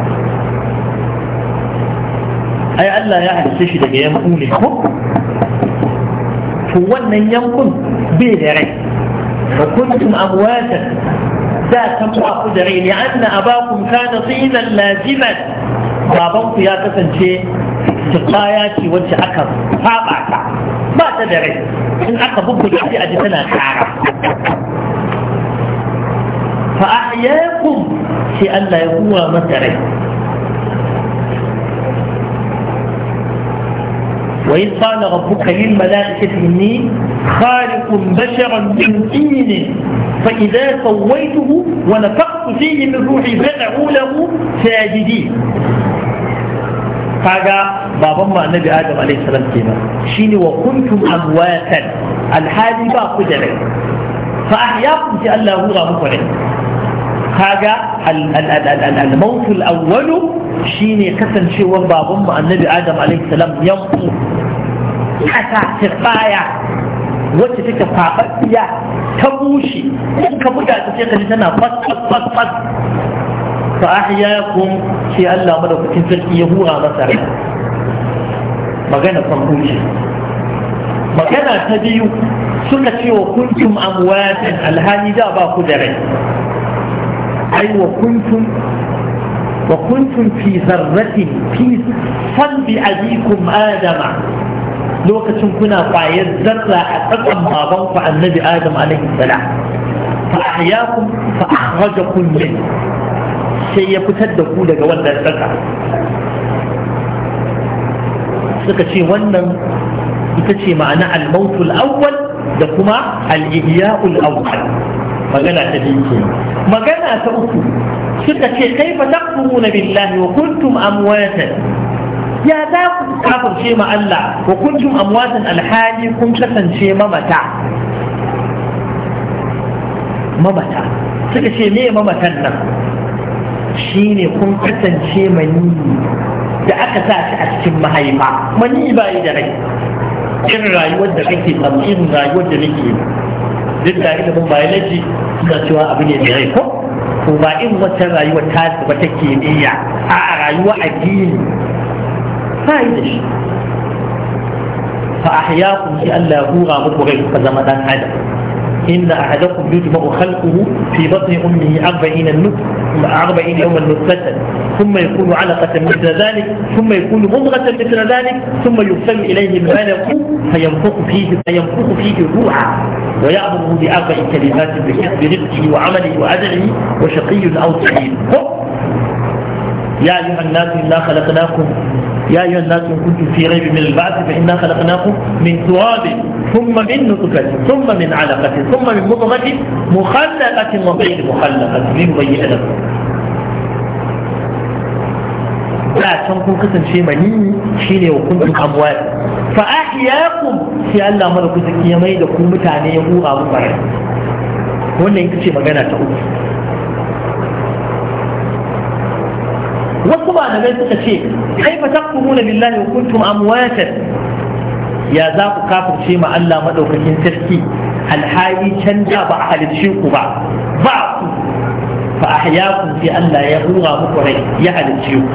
[SPEAKER 1] ai Allah ya halitta shi daga yanku ne ko to wannan yankun bai da rai fa kuntum amwatan da kan ku ku da rai ne anna abakum kana tsinan lajiman baban ku ya kasance كفاية وانت أكبر فابعة ما تدري إن أكبر فأحياكم في أن لا يقوى ما تدري وإذ قال ربك للملائكة إني خالق بشرا من طين فإذا سويته ونفخت فيه من روحي فدعوا له ساجدين kaga baban mu annabi adam alaihi salam kenan shine wa kuntum amwatan alhali ba ku da rai fa ahyakum sai Allah hura muku rai kaga al-maut al-awwal shine kasancewar baban mu annabi adam alaihi salam yanku
[SPEAKER 2] kasa tirbaya
[SPEAKER 1] wacce take faɓaɓɓiya ta bushe in ka buga ta sai ka ji tana fas fas fas fa ahyakum Allah madaukakin sarki ya hura masa magana kan magana ta biyu suka ce wa kuntum amwatin alhali da ba ku da rai ai wa kuntum wa kuntum fi zarratin fi salbi abikum adama lokacin kuna kwayar zarra a tsakan babanku annabi adam alaihi salam
[SPEAKER 2] fa ahyakum
[SPEAKER 1] fa akhrajakum min sai ya fitar da ku daga wannan tsaka suka ce wannan ita ce ma'ana al-mautul awwal da kuma al-ihya'ul awwal magana ta biyu magana ta uku suka ce kai fa taquluna billahi wa kuntum amwatan ya za ku kafirce ma Allah wa kuntum amwatan alhali kun kasance mamata mamata suka ce me mamatan nan shine kun kasance mani da aka sa shi a cikin mahaifa mani ba yi da rai irin rayuwar da kake samu irin rayuwar da nake duk da ilimin biology suna cewa abu ne da rai ko ko ba in wata rayuwa ta zuba ta kimiyya a a rayuwa addini ba yi da shi fa ahyakum bi Allah hura muku rai ka zama dan adam inna ahadakum yujma'u khalquhu fi batni ummihi 40 nutfa أربعين يوما نطفة ثم يكون علقة مثل ذلك ثم يكون مضغة مثل ذلك ثم يرسل إليه الملك فينفخ فيه فينفخ فيه روحا ويأمره بأربع كلمات بحسب رزقه وعمله وأجله وشقي أو سعيد يا أيها الناس إنا خلقناكم يا ايها الناس ان كنتم في ريب من البعث فانا خلقناكم من تراب ثم من نطفه ثم من علقه ثم من مضغه مخلقه وغير مخلقه لنبين لكم لا تنقل قسم شيء مليني شيء وكنتم أموال فأحياكم في الله مرة قسم يميد كومتاني يقول أبو مرة وإن شيء مغانا تقول wasu ba malamai suka ce kaifa taqumuna billahi wa kuntum amwatan ya za ku kafirce ma Allah madaukakin sarki alhali can ba a halicce ku ba ba ku fa ahyakum sai Allah ya hura muku rai ya halicce ku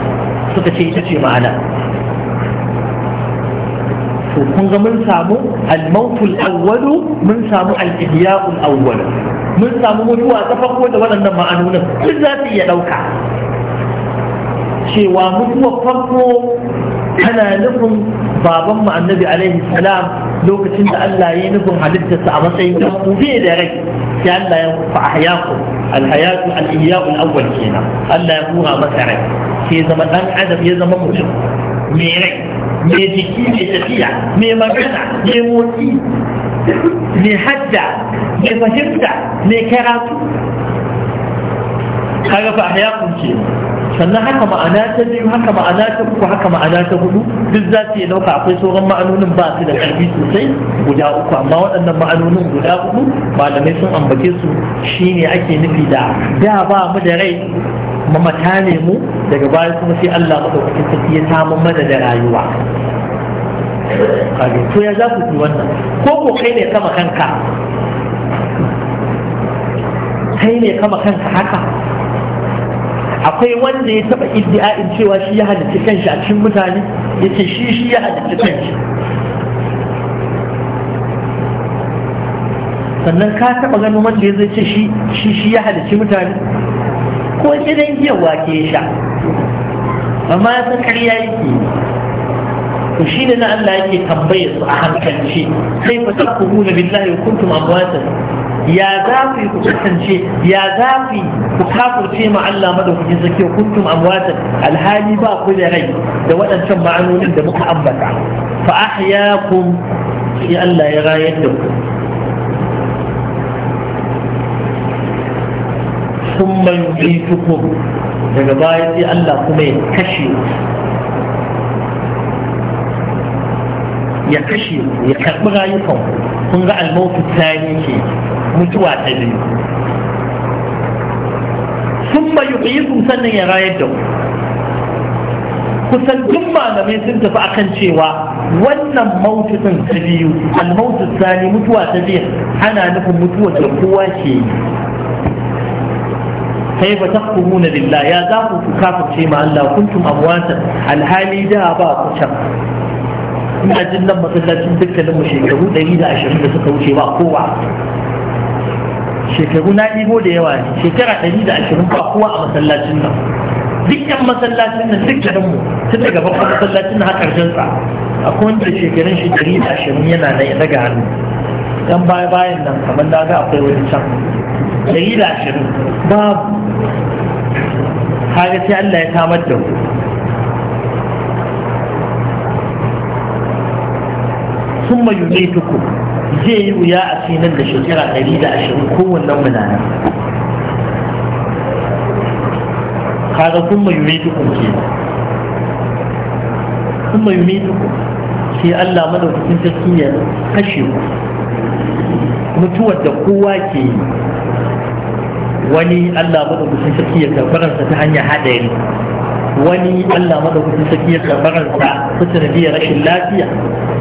[SPEAKER 1] suka ce ita ce ma'ana to kun ga mun samu al-mautul awwalu mun samu al-ihya'ul awwalu mun samu mutuwa ta farko da waɗannan ma'anonin duk za su iya ɗauka cewa mutuwar farko tana nufin baban mu annabi alaihi salam lokacin da Allah ya nufin halittarsa a matsayin da kube da rai sai Allah ya fa ahyaku alhayatu al-ihya'u al-awwal kenan Allah ya hura masa rai sai zama dan adam ya zama mutum me rai me jiki me tafiya me magana me motsi me hadda mai fahimta me karatu kaga fa ahyaku kenan sannan haka ma'ana ta biyu haka ma'ana ta uku haka ma'ana ta hudu duk za su yi nauka akwai sauran ma'anonin ba su da karfi sosai guda uku amma waɗannan ma'anonin guda uku malamai sun ambace su shine ake nufi da da ba mu da rai mamata ne mu daga baya kuma sai Allah madaukakin sarki ya samu mana da rayuwa kage to ya za ku yi wannan ko ko kai ne kama kanka kai ne kama kanka haka akwai wanda ya taba iddi'a'in cewa shi ya halitta kanshi a cikin mutane yace shi
[SPEAKER 2] shi ya halitta kanshi
[SPEAKER 1] sannan ka taba ganin wanda ya zai ce shi shi shi ya halitta mutane ko gidan giyan wake sha amma ya san ƙarya yake to shi ne na Allah yake tambayar su a hankalci sai fa takfuruna billahi wa kuntum amwatan ya za ku yi ku kasance ya za ku yi ku kafurce ma Allah madaukakin sarki kuntum amwatan alhali ba ku da rai da waɗancan ma'anonin da muka ambata fa ahyakum Ya Allah ya rayar da ku ثم يميتكم daga baya sai Allah kuma ya kashe ya kashe ya karɓi rayukan kun ga almautu tani ke mutuwa ta biyu sun bayu sun sannan ya rayar da kusan duk malamai sun tafi akan cewa wannan mautukan ta biyu almautu mutuwa ta biyu ana nufin mutuwa da kowa ke yi kai ba na lilla ya za ku kafirce ma Allah kuntum amwatan alhali da ba ku can ina jin nan masallacin dukkanin mu shekaru 120 da suka wuce ba kowa shekaru na ɗibo da yawa ne shekara ɗari da ashirin ba kowa a masallacin nan duk yan masallacin nan duk da mu tun daga babban masallacin nan har ƙarshen a akwai wanda shekarun shi ɗari da ashirin yana na ya daga hannu dan baya bayan nan kamar na ga akwai wani can ɗari da ashirin babu kaga sai Allah ya kamar da ku ثم يميتكم zai yi wuya a ce nan da shekara ɗari da ashirin kowannen mu na nan kaga kun mai yume dukun ke kun mai yume dukun sai Allah madaukakin sarki ya kashe ku mutuwar da kowa ke wani Allah madaukakin sarki ya karbaransa ta hanyar haɗari wani Allah madaukakin sarki ya karbaransa ta sanadiyar rashin lafiya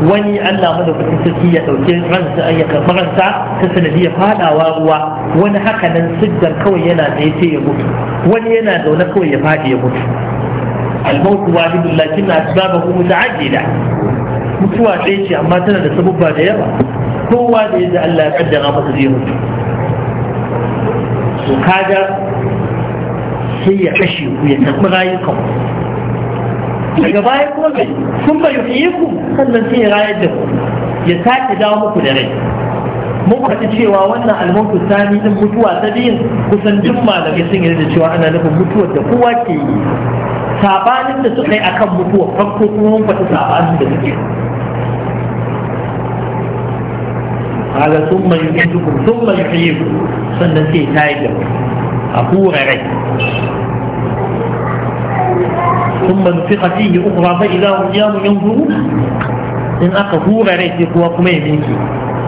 [SPEAKER 1] wani Allah madaukakin sarki ya dauke ransa ya karɓi ta sanadiyar fadawa ruwa wani haka nan siddar kawai yana da yace ya mutu wani yana zaune kawai ya fadi ya mutu al-maut wahid lakin asbabahu muta'addida mutuwa ɗaya ce amma tana da sababba da yawa kowa da yadda Allah ya kaddara masa zai mutu to kaga sai ya kashe ku ya karɓi rayukan daga baya kuma mai sun bai yi ku sannan sai ya rayar da ku ya sake dawo muku da rai mun faɗi cewa wannan almanku sani din mutuwa ta biyun kusan duk malamai sun yarda cewa ana nufin mutuwar da kowa ke yi sabanin da suka yi akan mutuwa farko kuma mun faɗi sabanin da suke kaga sun mai yi sun mai yi sannan sai ta yi da ku a kura rai ثم نفق فيه أخرى فإذا هم يام ينظرون إن أكا هو غريت يقوى قمي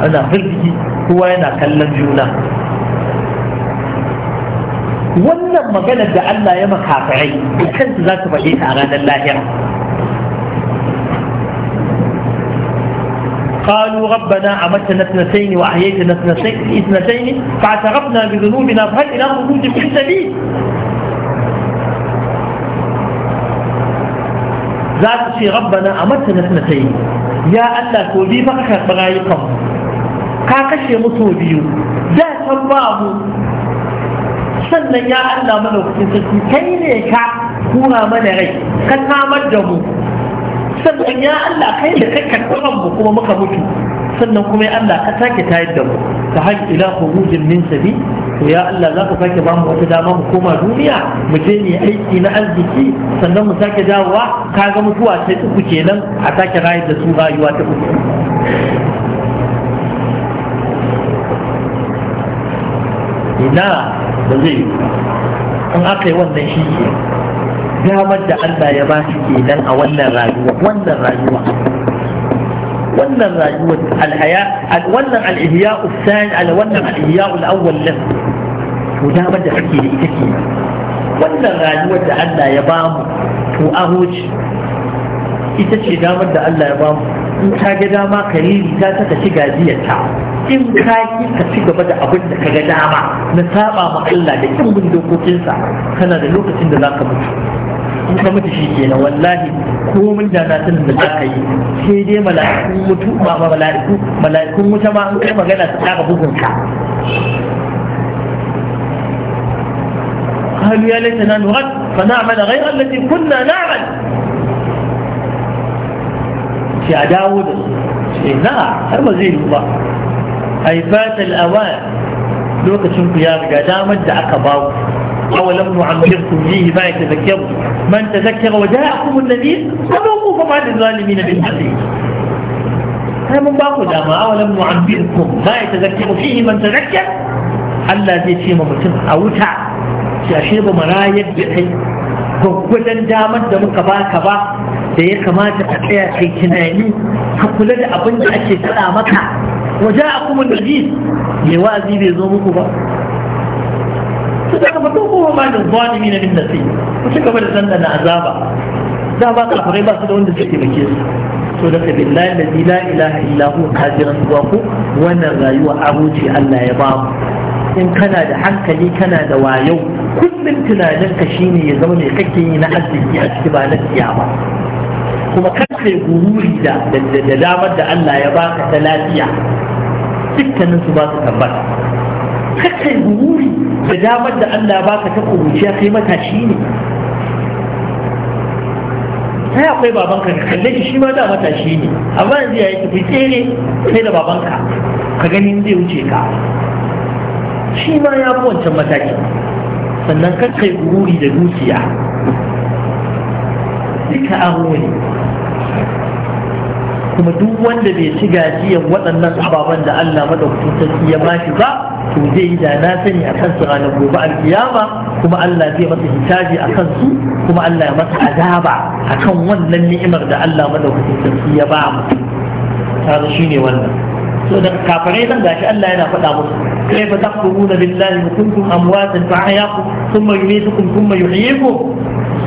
[SPEAKER 1] أنا فلتي هو أنا كلم جونا wannan maganar da Allah ya makafirai kanta za ta faɗi ta a ranar lahira قالوا ربنا أمتنا اثنتين وأحييتنا اثنتين فاعترفنا بذنوبنا فهل إلى خروج من سبيل za su ce rabbana a mata na ta yi. ya Allah to bi maka karɓi rayukan ka kashe mu to biyu da san ba mu sannan ya Allah mana malaukakin sarki kai ne ka kura mana rai ka samar da mu sannan ya Allah kai da kai karɓi mu kuma muka mutu sannan kuma ya Allah ka sake tayar da mu ta hanyar ila khurujin min sabi to ya Allah za ka sake ba mu wata dama mu koma duniya mu je ne aiki na arziki sannan mu sake dawowa ka ga mutuwa sai uku kenan a sake rayar da su rayuwa ta uku ina ba zai yi in aka yi wannan shi ke damar da Allah ya ba shi kenan a wannan rayuwa wannan rayuwa wannan rayuwar alhaya wannan al'ihiya usani ala wannan al'ihiya al'awwal lan to damar da kake da ita ke wannan rayuwar da Allah ya ba mu to aro ce ita ce damar da Allah ya ba mu in ka ga dama ka yi ta ta ci gajiyarta in ka ki ka ci gaba da abin da ka ga dama na saba ma Allah da kin bin dokokinsa kana da lokacin da zaka mutu in mutu shi kenan wallahi komin da za da za yi sai dai mala'ikun mutu ba ba mala'iku mala'ikun mutu ma in kai magana su taka bugun قالوا يا ليتنا نرد فنعمل غير التي كنا نعمل يا داود نعم هذا زين الله أي فات الأوان لو شنكو يا رجا دامت دعك باو أولم نعمركم فيه ما يتذكرون man a wa ja'akum an-nadhir fadhu fa ma lil-zalimin min nasir sai mun ba ku dama awalam nu'abbirkum la yatazakkaru fihi man tazakkar Allah zai ce ma mutum a wuta shi ashe ba marayar da damar da muka baka ba da ya kamata a tsaya kai kula da abin da ake faɗa maka waje a kuma mai wa'azi bai zo muku ba suka ba ko kuma ma da zalimi na min nasi ku suka ba da na azaba da ba kafirai ba su da wanda suke bake su to da ka billahi la ilaha illa hu hadiran wa ku wannan rayuwa abuci Allah ya ba mu in kana da hankali kana da wayo kullum ka shine ya zama mai kake yi na arziki a ciki ba na siya ba kuma kai gururi da da damar da Allah ya baka ta lafiya dukkanin su ba su tabbata
[SPEAKER 2] kai gururi
[SPEAKER 1] da damar da Allah ba ka ta kuruciya kai matashi ne sai akwai babanka ka kalle shi shi ma da matashi ne amma yanzu ya yi tafi tsere sai da babanka ka ganin zai wuce ka shi ma ya fi wancan matakin sannan kan kai gururi da dukiya duka abu ne kuma duk wanda bai ci gajiyan waɗannan ababen da Allah madaukakin sarki ya bashi ba to zai yi da na sani a kansu ranar gobe alkiyama kuma Allah zai masa hitaji a kansu kuma Allah ya masa azaba a kan wannan ni'imar da Allah madaukakin sarki ya ba mu shi ne wannan so da kafirai nan gashi Allah yana faɗa musu Kai kaifa taquluna billahi wa kuntum amwatan fa ahyakum thumma yumitukum thumma yuhyikum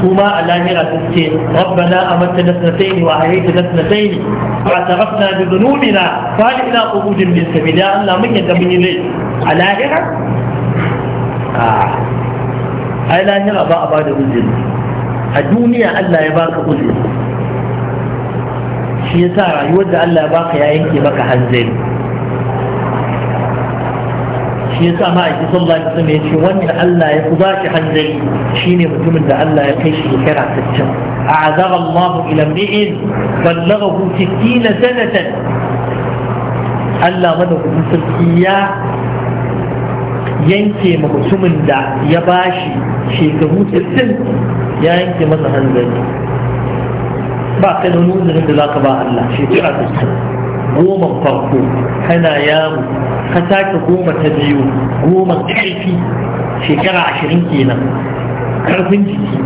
[SPEAKER 1] ثم الآخرة تسكي ربنا أمتنا اثنتين وأحييتنا اثنتين واعترفنا بذنوبنا فهل إلى خروج من سبيل يا الله من يدمن إليه الآخرة آه الآخرة باء بعد أذن الدنيا ألا يباك أذن shi yasa rayuwar da Allah ya baka ya yanke maka hanzari shi yasa ma'aiki sallallahu alaihi wasallam ya ce wanda Allah ya ku bashi hanzari ne mutumin da Allah ya kai shi shekara 60 a'azara Allah ila mi'in ballaghahu 60 sanatan Allah madaukakin sarki ya yanke ma mutumin da ya bashi shekaru 60 ya yanke masa hanzari ba ka da wani da za ka ba Allah shekara 60 goma farko kana yaro ka sake goma ta biyu goma karfi shekara ashirin kenan karfin jiki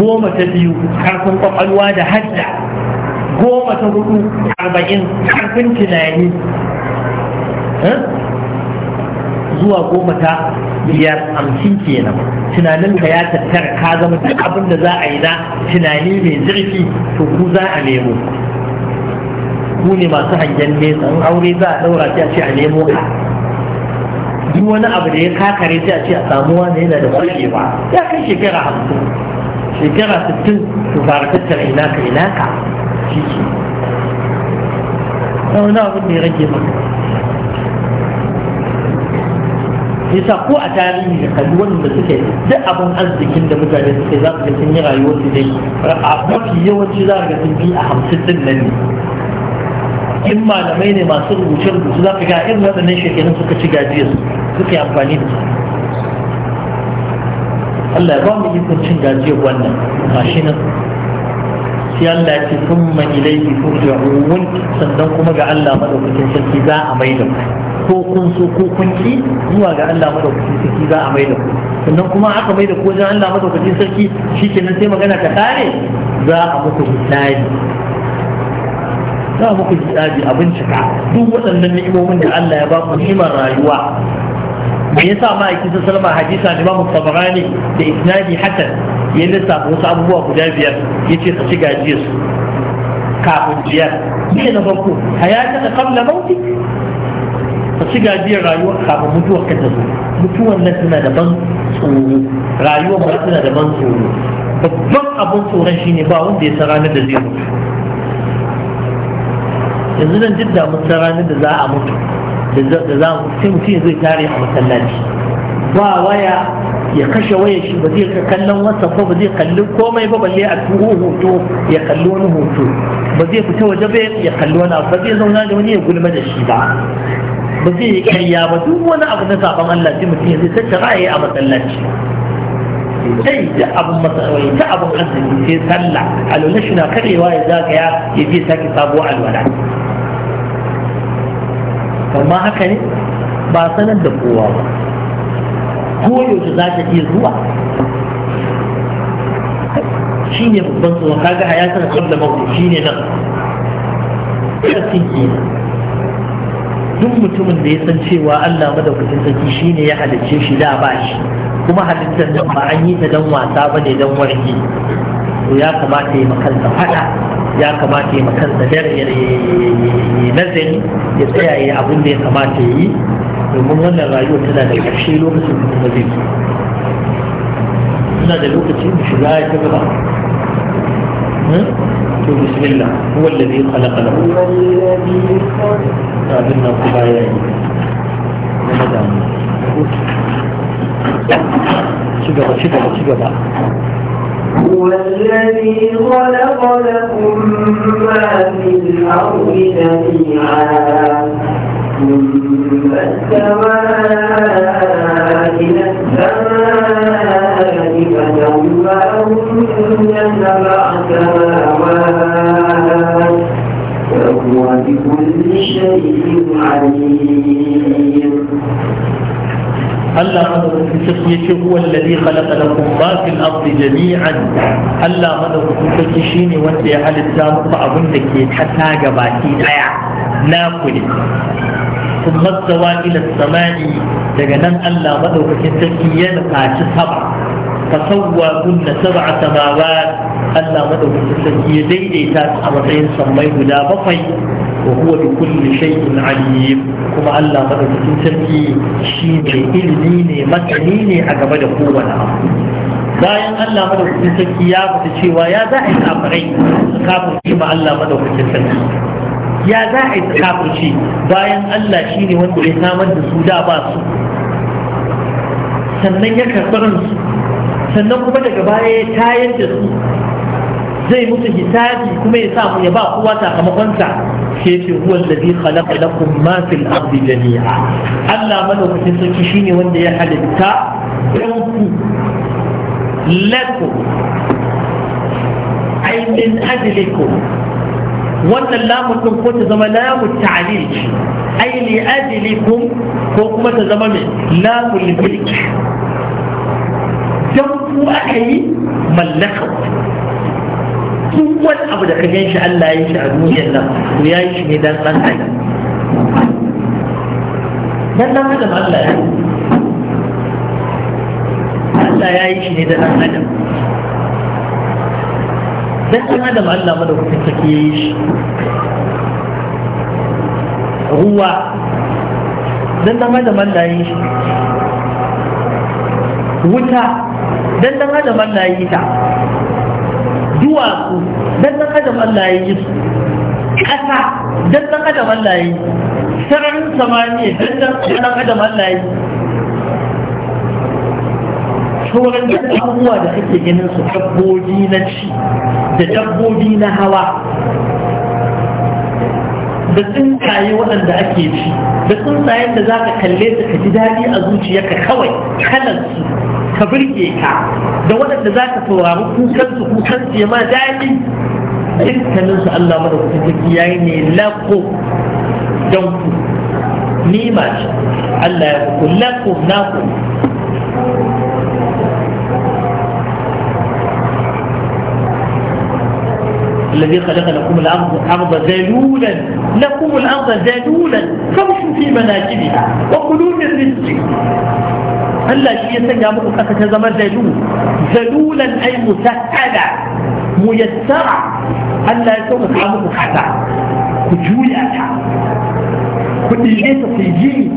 [SPEAKER 1] goma ta biyu karfin kwakwalwa da hadda goma ta hudu arba'in karfin tunani eh? zuwa goma ta biyar hamsin kenan tunanin ka ya tattara ka zama duk abin da za a yi na tunani mai zurfi to ku za a nemo su ne masu hangen nesa in aure za a ɗaura shi a ce a nemo ka duk wani abu da ya kakare shi a ce a samu wani yana da ba ya kai shekara hamsin shekara sittin su fara tattara ina ka ina ka shi ke wani abin da ya rage maka yasa ko a tarihi da kalli wanda suke duk abin arzikin da mutane suke za su ga sun yi rayuwar su dai a mafi yawanci za ga sun bi a hamsin din nan ne in malamai ne masu rubuce rubuce za ka ga irin waɗannan shekarun suka ci gajiyar suka yi amfani da su Allah ba mu ikon cin gajiyar wannan mashinan sai Allah ce sun ma ilaihi turja'un sannan kuma ga Allah madaukakin sarki za a mai da ko kun so ko kun ki zuwa ga Allah madaukakin sarki za a mai da ku sannan kuma aka mai da ko jan Allah madaukakin sarki shikenan sai magana ka tare za a muku hisabi sa muku hisabi a bincika duk waɗannan ni'imomin da Allah ya ba ku ni'imar rayuwa me yasa ma'aikin sallama hadisa ne mamu tabarani da isnadi hasan ya lissafa wasu abubuwa guda biyar ya ce su ci gajiyar su kafin biyar ne na farko hayata da kamla mauti ka ci gajiyar rayuwa kafin mutuwar ka ta zo mutuwar nan tana da ban tsoro rayuwar ba tana da ban tsoro babban abin tsoron shine ba wanda ya san ranar da zai mutu yanzu nan duk da mutum ranar da za a mutu da za mu sai mutum zai tare a masallaci ba waya ya kashe waya shi ba zai kallon wasa ko ba zai kalli komai ba balle a tuho hoto ya kalli wani hoto ba zai fita waje ba ya kalli wani abu ba zai zauna da wani ya gulma da shi ba ba zai yi karya ba duk wani abu na zaben Allah sai mutum ya zai tattara ra'ayi a masallaci sai da abin masarauyi ta abin arziki sai sallah alwala shi na karewa ya zagaya ya je sake sabuwa alwala amma haka ne ba sanar da kowa ba koyaushe za ta iya zuwa shi ne babban tsoro kaga a yasar da mako shi ne nan ƙarfin kina duk mutumin da ya san cewa Allah madaukakin sarki shi ne ya halicce shi da ba shi kuma halittar nan ba an yi ta don wasa ba ne don warki to ya kamata ya makansa faɗa ya kamata ya makansa da nazari ya tsaya ya abin da ya kamata ya yi domin wannan rayuwa tana da ƙarshe lokacin da kuma zai suna da lokacin da shiga ya ta gaba hmm? to bismillah huwa alladhi khalaqa lahu
[SPEAKER 2] abin nan kuma ya yi na damu shiga gaba shiga gaba ci gaba هو
[SPEAKER 3] الذي خلق لكم ما في الأرض جميعا ثم استوى إلى السماء فتواهن سبع سماوات وهو بكل شيء عليم
[SPEAKER 1] Allah madaukakin sarki ya ce huwa alladhi khalaqa lakum ma fil ardi jami'an Allah madaukakin sarki shine wanda ya halitta muku abin da ke kasa gabaki daya na ku ne kuma ila samani daga nan Allah madaukakin sarki ya nufaci sama فسواهن سبع Allah الله مدوكين سركي يا ديديتا a matsayin sammai guda bakwai وهو بكل شيء عليم كما الله مدوكين sarki shi ne ilimi ne masani ne a gaba da kowane abu bayan Allah madaukakin sarki ya fita cewa ya za a yi kafirai kafin shi ma Allah madaukakin sarki ya za a yi kafirci bayan Allah shi ne wanda ya samar da su da ba su sannan ya karɓi su. sannan kuma daga baya ya tayar da su zai musu hisabi kuma ya sa ya ba kowa sakamakonsa ke ce huwa alladhi khalaqa lakum ma fil ardi jami'a Allah madaukakin sarki shine wanda ya halitta ku lakum ay min ajlikum wannan lamun din ko ta zama lamun ta'lil ce ay li ajlikum ko kuma ta zama mai lamun mulk dan su aka yi mallaka duk wani abu da ka gan shi Allah ya yi shi a duniyar nan to ya yi shi ne dan dan adam dan dan adam Allah ya yi Allah ya yi shi ne dan dan adam dan dan adam Allah madaukakin sarki ya yi shi ruwa dan dan adam Allah ya yi shi wuta dan dan adam Allah ya yi ta duwatsu dan dan adam Allah ya yi su ƙasa dan dan adam Allah ya yi sararin samaniya dan dan adam Allah ya yi sauran da abubuwa da kake ganin su dabbobi na ci da dabbobi na hawa da tsuntsaye waɗanda ake ci da tsuntsayen da za ka kalle su ka ji daɗi a zuciyarka kawai kalansu ka birge ka da waɗanda za ka saurari kukansu kukansu ya ma daɗi dukkanin su Allah mada kuka jiki ya yi ne lako don ku nima ce Allah ya ku lako naku الذي خلق لكم الأرض أرض ذلولا لكم الأرض ذلولا فمشوا في مناكبها وكلوا من رزقه ألا شيء يسجى كزمان ذلول ذلولا أي مسهلا ميسرا ألا يكون حامل حتى كجويا كل جيت في جيل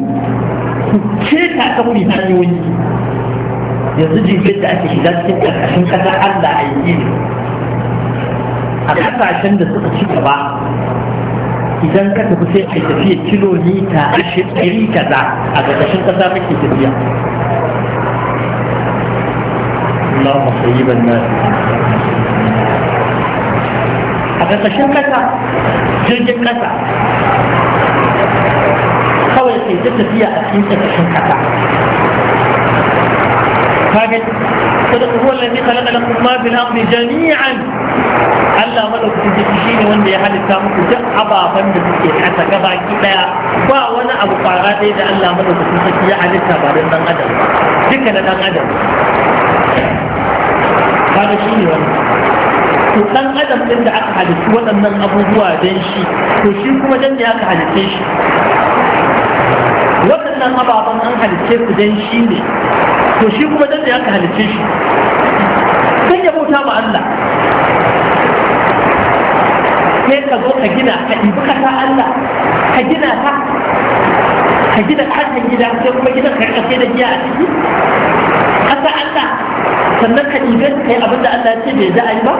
[SPEAKER 1] كيف تعتبر هذا يزيد في الدعاء في حزاب سكة عشان كذا ألا أيديه a kasashen da suka ci gaba idan ka tafi sai ka tafiya kilomita ashirin kaza a ƙarƙashin ƙasa muke tafiya اللهم صيبا الناس a ƙarƙashin ƙasa jirgin ƙasa kawai sai ta tafiya a cikin ƙarƙashin ƙasa kaga sadaka huwa alladhi khalaqa lakum ma fil ardi jami'an Allah madaukakin jiki ne wanda ya halitta muku duk ababen da suke kasa gabaki daya ba wani abu fara ɗaya da Allah madaukakin jiki ya halitta ba don dan adam duka na dan adam shi ne wani to dan adam din da aka halittu waɗannan abubuwa don shi to shi kuma dan da aka halitta shi waɗannan ababen an halitta ku don shi ne to shi kuma dan da aka halitta shi kan ya bauta ma Allah sai ka zo ka gina ka ɗibi kasa Allah ka gina ta ka gina kasan gida sai kuma gina ka rika da giya a ciki kasa Allah sannan ka ɗibe ka yi abin da Allah ce bai za ba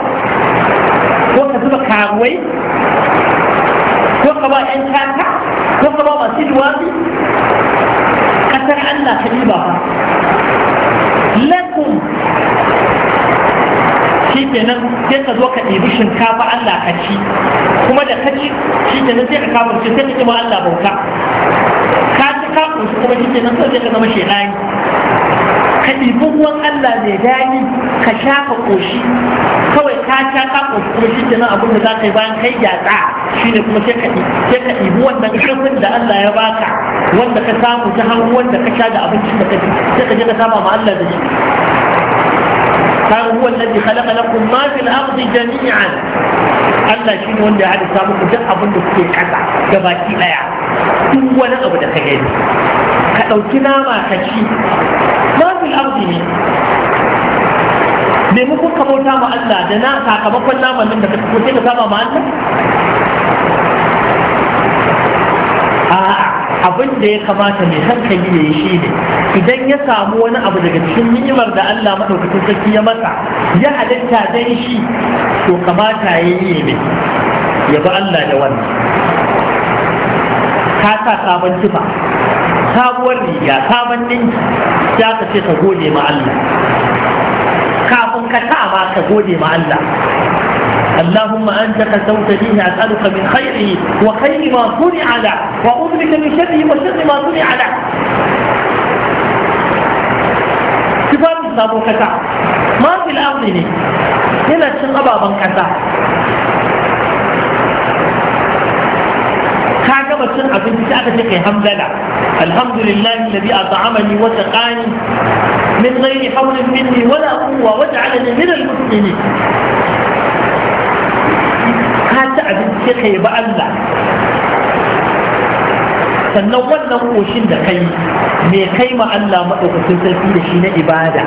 [SPEAKER 1] ko ka zuba karuwai ko ka ba 'yan kaka ko ka ba masu duwatsu kasar Allah ka ɗiba ba shi kenan sai ka zo ka ɗebi shinkafa Allah ka ci kuma da ka ci shi kenan sai ka kama shi sai ka ma Allah bauta ka ci ka ƙoshi kuma shi kenan sai sai ka zama shaidani ka ɗibi ruwan Allah mai daɗi ka shafa ka kawai ka sha ka ƙoshi kuma shi kenan abin da za ka yi bayan kai yatsa shi ne kuma sai ka ɗibi wannan ƙarfin da Allah ya baka wanda ka samu ta hannu wanda ka sha da abincin da ka ci sai ka je ka saba ma Allah da shi وكان هو الذي خلق لكم ما في الأرض جميعا Allah shi ne wanda ya hadisa muku duk abin da kasa da ka gani ɗauki nama ka ci lafil ardi bauta ma Allah da na sakamakon naman nan da ka fito sai ka saba ma Allah a'a abin da ya kamata mai hankali ya yi shi ne idan ya samu wani abu daga cikin ni'imar da Allah maɗaukacin sarki ya masa ya halitta dan shi to kamata ya yi ne ya bi Allah da wannan ka sa sabon tufa sabuwar riga sabon ɗinki ya ka ce ka gode ma Allah kafin ka sa ma ka gode ma Allah اللهم أنت كسوت به أسألك من خيره وخير ما صنع له نعوذ من شره وشر ما بني له كفار سابو كذا ما في الأرض هنا هنا شن أبابا كذا كاغا بشن أبن تساعد تقي حمد لله الحمد لله الذي أطعمني وسقاني من غير حول مني ولا قوة وجعلني من المسلمين هذا أبن تقي بأ الله sannan wannan koshin da kai me kai ma Allah maɗaukakin sarki da shi na ibada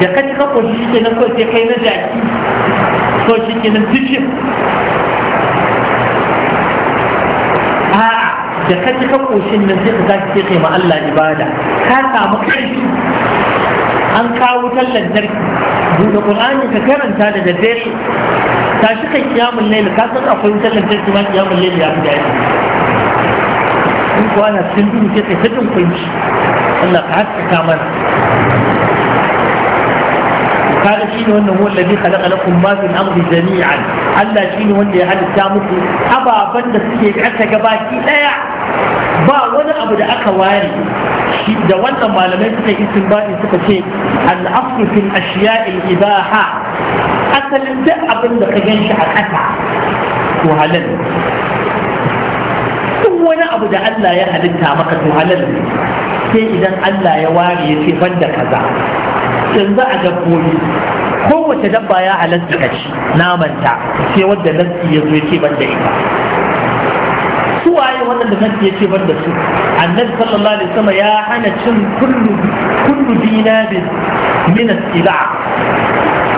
[SPEAKER 1] da ka cika koshi shi ke sai kai na jaki so shi ke nan dishin a da ka cika koshin nan sai ka za ki kai ma Allah ibada
[SPEAKER 2] ka samu ƙarfi
[SPEAKER 1] an kawo wutar lantarki buɗe ƙur'ani ka karanta da daddare tashi kai kiyamun laila ka san akwai wutar lantarki ma kiyamun laila ya fi daɗi kuwa na cikin duhu sai ta jin kunci Allah ka haskaka mana kada shi ne wannan wanda zai halaka lakum ma fil ardi jami'an Allah shi ne wanda ya halitta muku ababan da suke kasa gabaki daya ba wani abu da aka ware shi da wannan malamai suka yi istinbati suka ce al-afru fil ashiya'il ibaha asalin duk abin da ka ganshi a kasa to halal wani abu da Allah ya halitta maka to halal sai idan Allah ya ware ya ce banda kaza In yanzu a dabbobi kowace dabba ya halatta ka ci namanta sai wadda nassi ya zo ya ce banda ita su waye wannan da nassi ya ce banda su annabi sallallahu alaihi wasallam ya hana cin kullu kullu dinabin min as-sila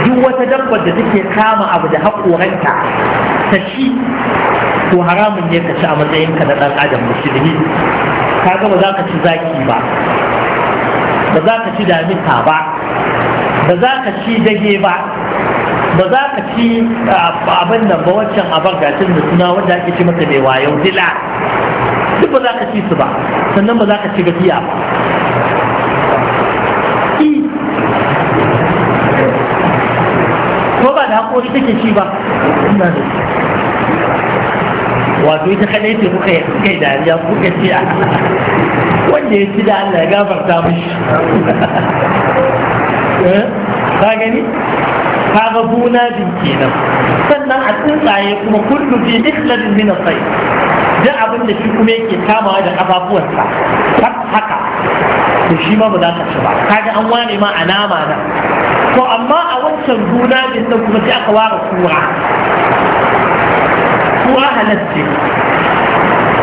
[SPEAKER 1] duk wata dabba da take kama abu da haƙoranta ta ci to haramun ne ka ci a matsayin ka na dan adam musulmi ka ga ba za ka ci zaki ba ba za ka ci damisa ba ba za ka ci dage ba ba za ka ci abin nan ba waccan abar gacin da suna wanda ake ci masa mai wayo dila duk ba za ka ci su ba sannan ba za ka ci gafiya ba ko ba da haƙoƙi take ci ba wato ita kadai ce kuka kai dariya kuka ce ah, wanda ya ci da Allah ya gafarta mishi eh, ka gani ka ga buna bin kenan sannan a tsuntsaye kuma kullu fi ikhlalin min as-sayf abin da shi kuma yake kamawa da kafafuwarsa haka to shi ma ba za ta ci ba kaga an wane ma a nama na to amma a wancan gona din nan kuma sai aka ware kura kura halatta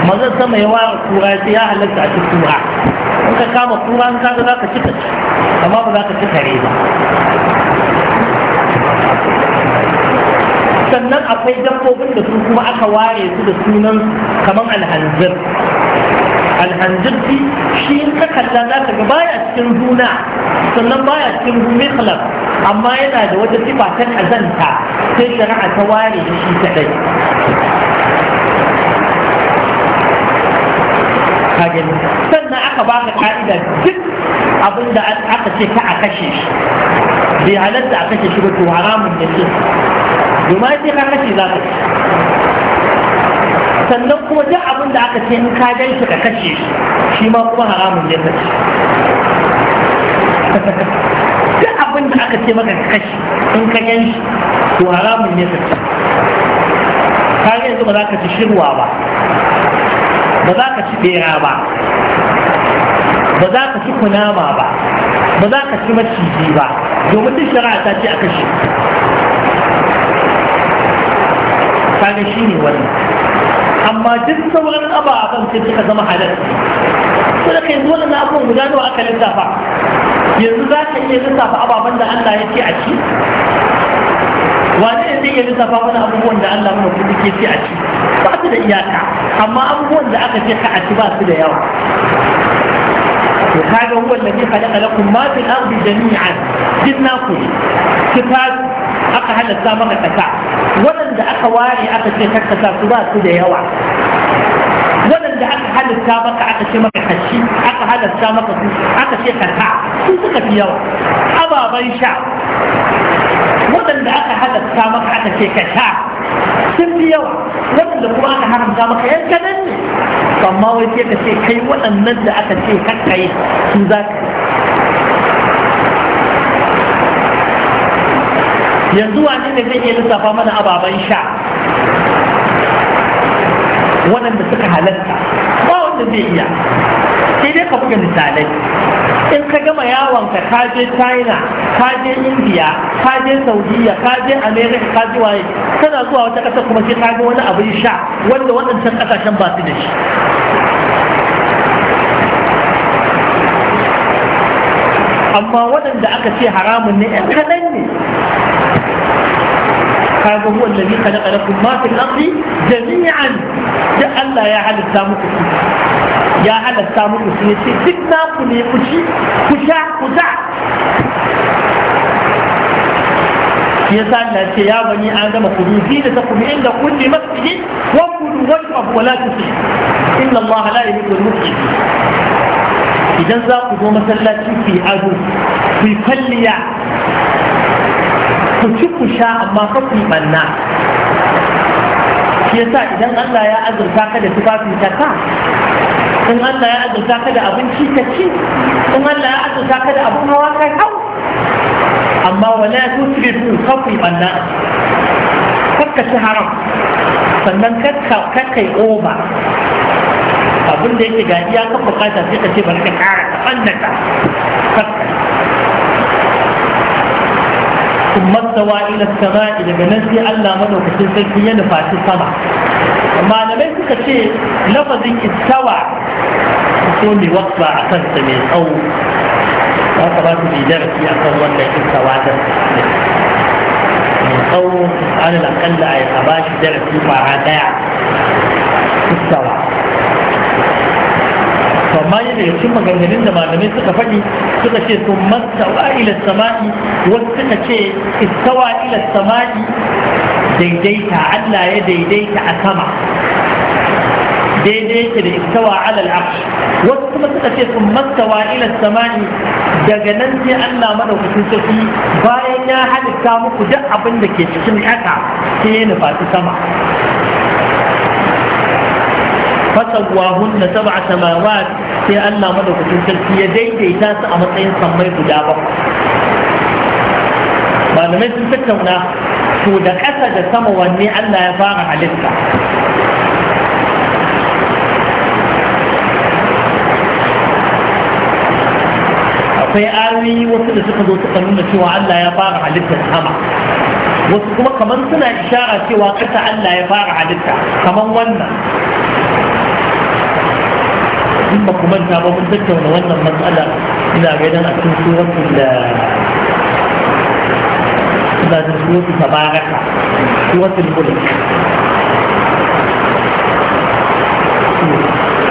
[SPEAKER 1] mazan sama ya ware kura sai ya halatta a cikin kura in ka kama kura in ka za ka cika
[SPEAKER 2] ci amma ba za ka ci kare ba
[SPEAKER 1] sannan akwai dabbobin da su kuma aka ware su da sunan kamar alhanzir alhanzirci shi in ka kalla za ka ga baya cikin juna sannan baya cikin mikhlaf amma yana da wata sifa ta kazanta sai shari'a ta ware da shi ta kadai kagani sannan aka baka ka'ida duk abin da aka ce ka a kashe shi bai halatta a kashe shi ba to haramun da shi domin sai ka kashe za ka ci. sannan kuma duk abin da aka ce in ka gan shi ka kashe shi shi ma kuma haramun ne ka ci duk abin da aka ce maka kashi in ka yan to haramun ne ka ci ka yanzu ba za ka ci shirwa ba ba za ka ci bera ba ba za ka ci kunama ba ba za ka ci maciji ba domin duk shari'a ta ce a kashi kaga shi ne wani,
[SPEAKER 2] amma duk sauran
[SPEAKER 1] ababen sai suka zama halal sai da kai wannan abubuwan guda nawa aka lissafa yanzu za ka iya lissafa ababen da Allah ya ce a ci wane zai iya lissafa wani abubuwan da Allah mai kudi ke ce a ci ba su da iyaka amma abubuwan da aka ce ka a ci ba su da yawa to kaga huwa alladhi khalaqa lakum ma fil ardi jami'an jinna ku kitab aka halatta maka kasa waɗanda aka ware aka ce karkasa su ba su da yawa waɗanda aka halitta maka aka ce maka kashi aka halitta maka su aka ce kata su suka fi yawa ababen sha waɗanda aka halitta maka aka ce kasha sun fi yawa waɗanda kuma aka haramta maka yan kanan ne amma wai sai ka ce kai waɗannan da aka ce kakkaye su za ka yanzu wani ne zai iya lissafa mana ababen sha waɗanda suka halatta ba wanda zai iya sai dai ka buga misalai in ka gama yawon ka kaje je china ka je india ka je saudiya ka america ka waye kana zuwa wata ƙasa kuma sai ka ga wani abin sha wanda waɗancan ƙasashen ba su da shi amma waɗanda aka ce haramun ne ‘yan kaɗan ne هذا هو الذي خلق لكم ما في الأرض جميعا يا الله يا على السامك يا على السامك سيتي سكنا كلي كشي كشا كشا يا الله يا بني آدم خذوا زينتكم عند كل مسجد وكلوا واشربوا ولا تسرفوا إن الله لا يحب المسلمين إذا زاقوا مثلا في عدو في فليا ku ci ku sha amma ka ku banna shi yasa idan Allah ya azurta ka da tufafi ta ka in Allah ya azurta ka da abinci ka ci in Allah ya azurta ka da abin hawa kai hau amma wala tusrifu ka ku banna kakka ci haram sannan kakka kai oba abin da yake ga iya ka bukata sai ka ce bari ka kara ka annaka kakka tumasawa ila kama ila ganin sai Allah madaukakin sarki ya nufaci sama malamai suka ce lafazin istawa ko mai wasa a kansa mai tsawo ya darasi a kan wannan istawa da mai tsawo ana da kalla a yi shi darasi ba a daya istawa amma ne daga cikin maganganun da malamai suka faɗi suka ce sun wa ila sama'i wasu suka ce istawa ila sama'i daidaita Allah ya daidaita a sama daidai yake da istawa alal al'arsh wasu kuma suka ce sun wa ila sama'i daga nan sai Allah madaukakin sarki bayan ya halitta muku duk abin da ke cikin ƙasa sai ya nufaci sama فسواهن سبع سماوات في أن ملك تنسل في يدي ديتاس أمطين سمي تجابا ما نمي تنسكونا سودا أسد سمواني أن لا يفاق عليك في آلي وسنة سكدو سكنون سوى أن لا يفاق عليك السماء وسكما كمان سنة إشارة سوى أن لا يفاق عليك كمان وانا in ba ku manta ba mun tattauna wannan matsala ina ganin a cikin suratul da eh, ina da suratul tabaraka suratul mulk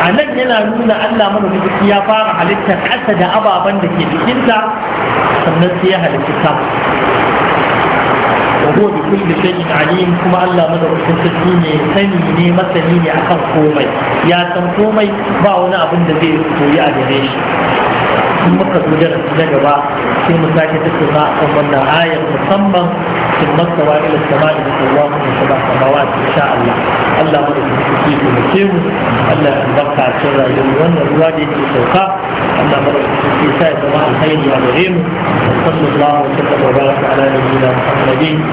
[SPEAKER 1] a nan yana nuna Allah madaukaki ya fara halittar kasa da ababen da ke jikinta sannan sai ya halitta وهو بكل شيء عليم كما ألا مدر الشمسين سني نيمة سنين عقل قومي يا تنقومي باونا أبن دفير يا أدريش ثم قد مجرد نجوى في مساكة السماء ومن آية مصمم في المستوى إلى السماء بسواه من سبع سماوات إن شاء الله الله مدر الشمسين ومسيم الله يبقى شر يوم الوادي في سوقا الله مدر الشمسين سائد سماء الخير يا صلى الله وسلم وبارك على نبينا محمد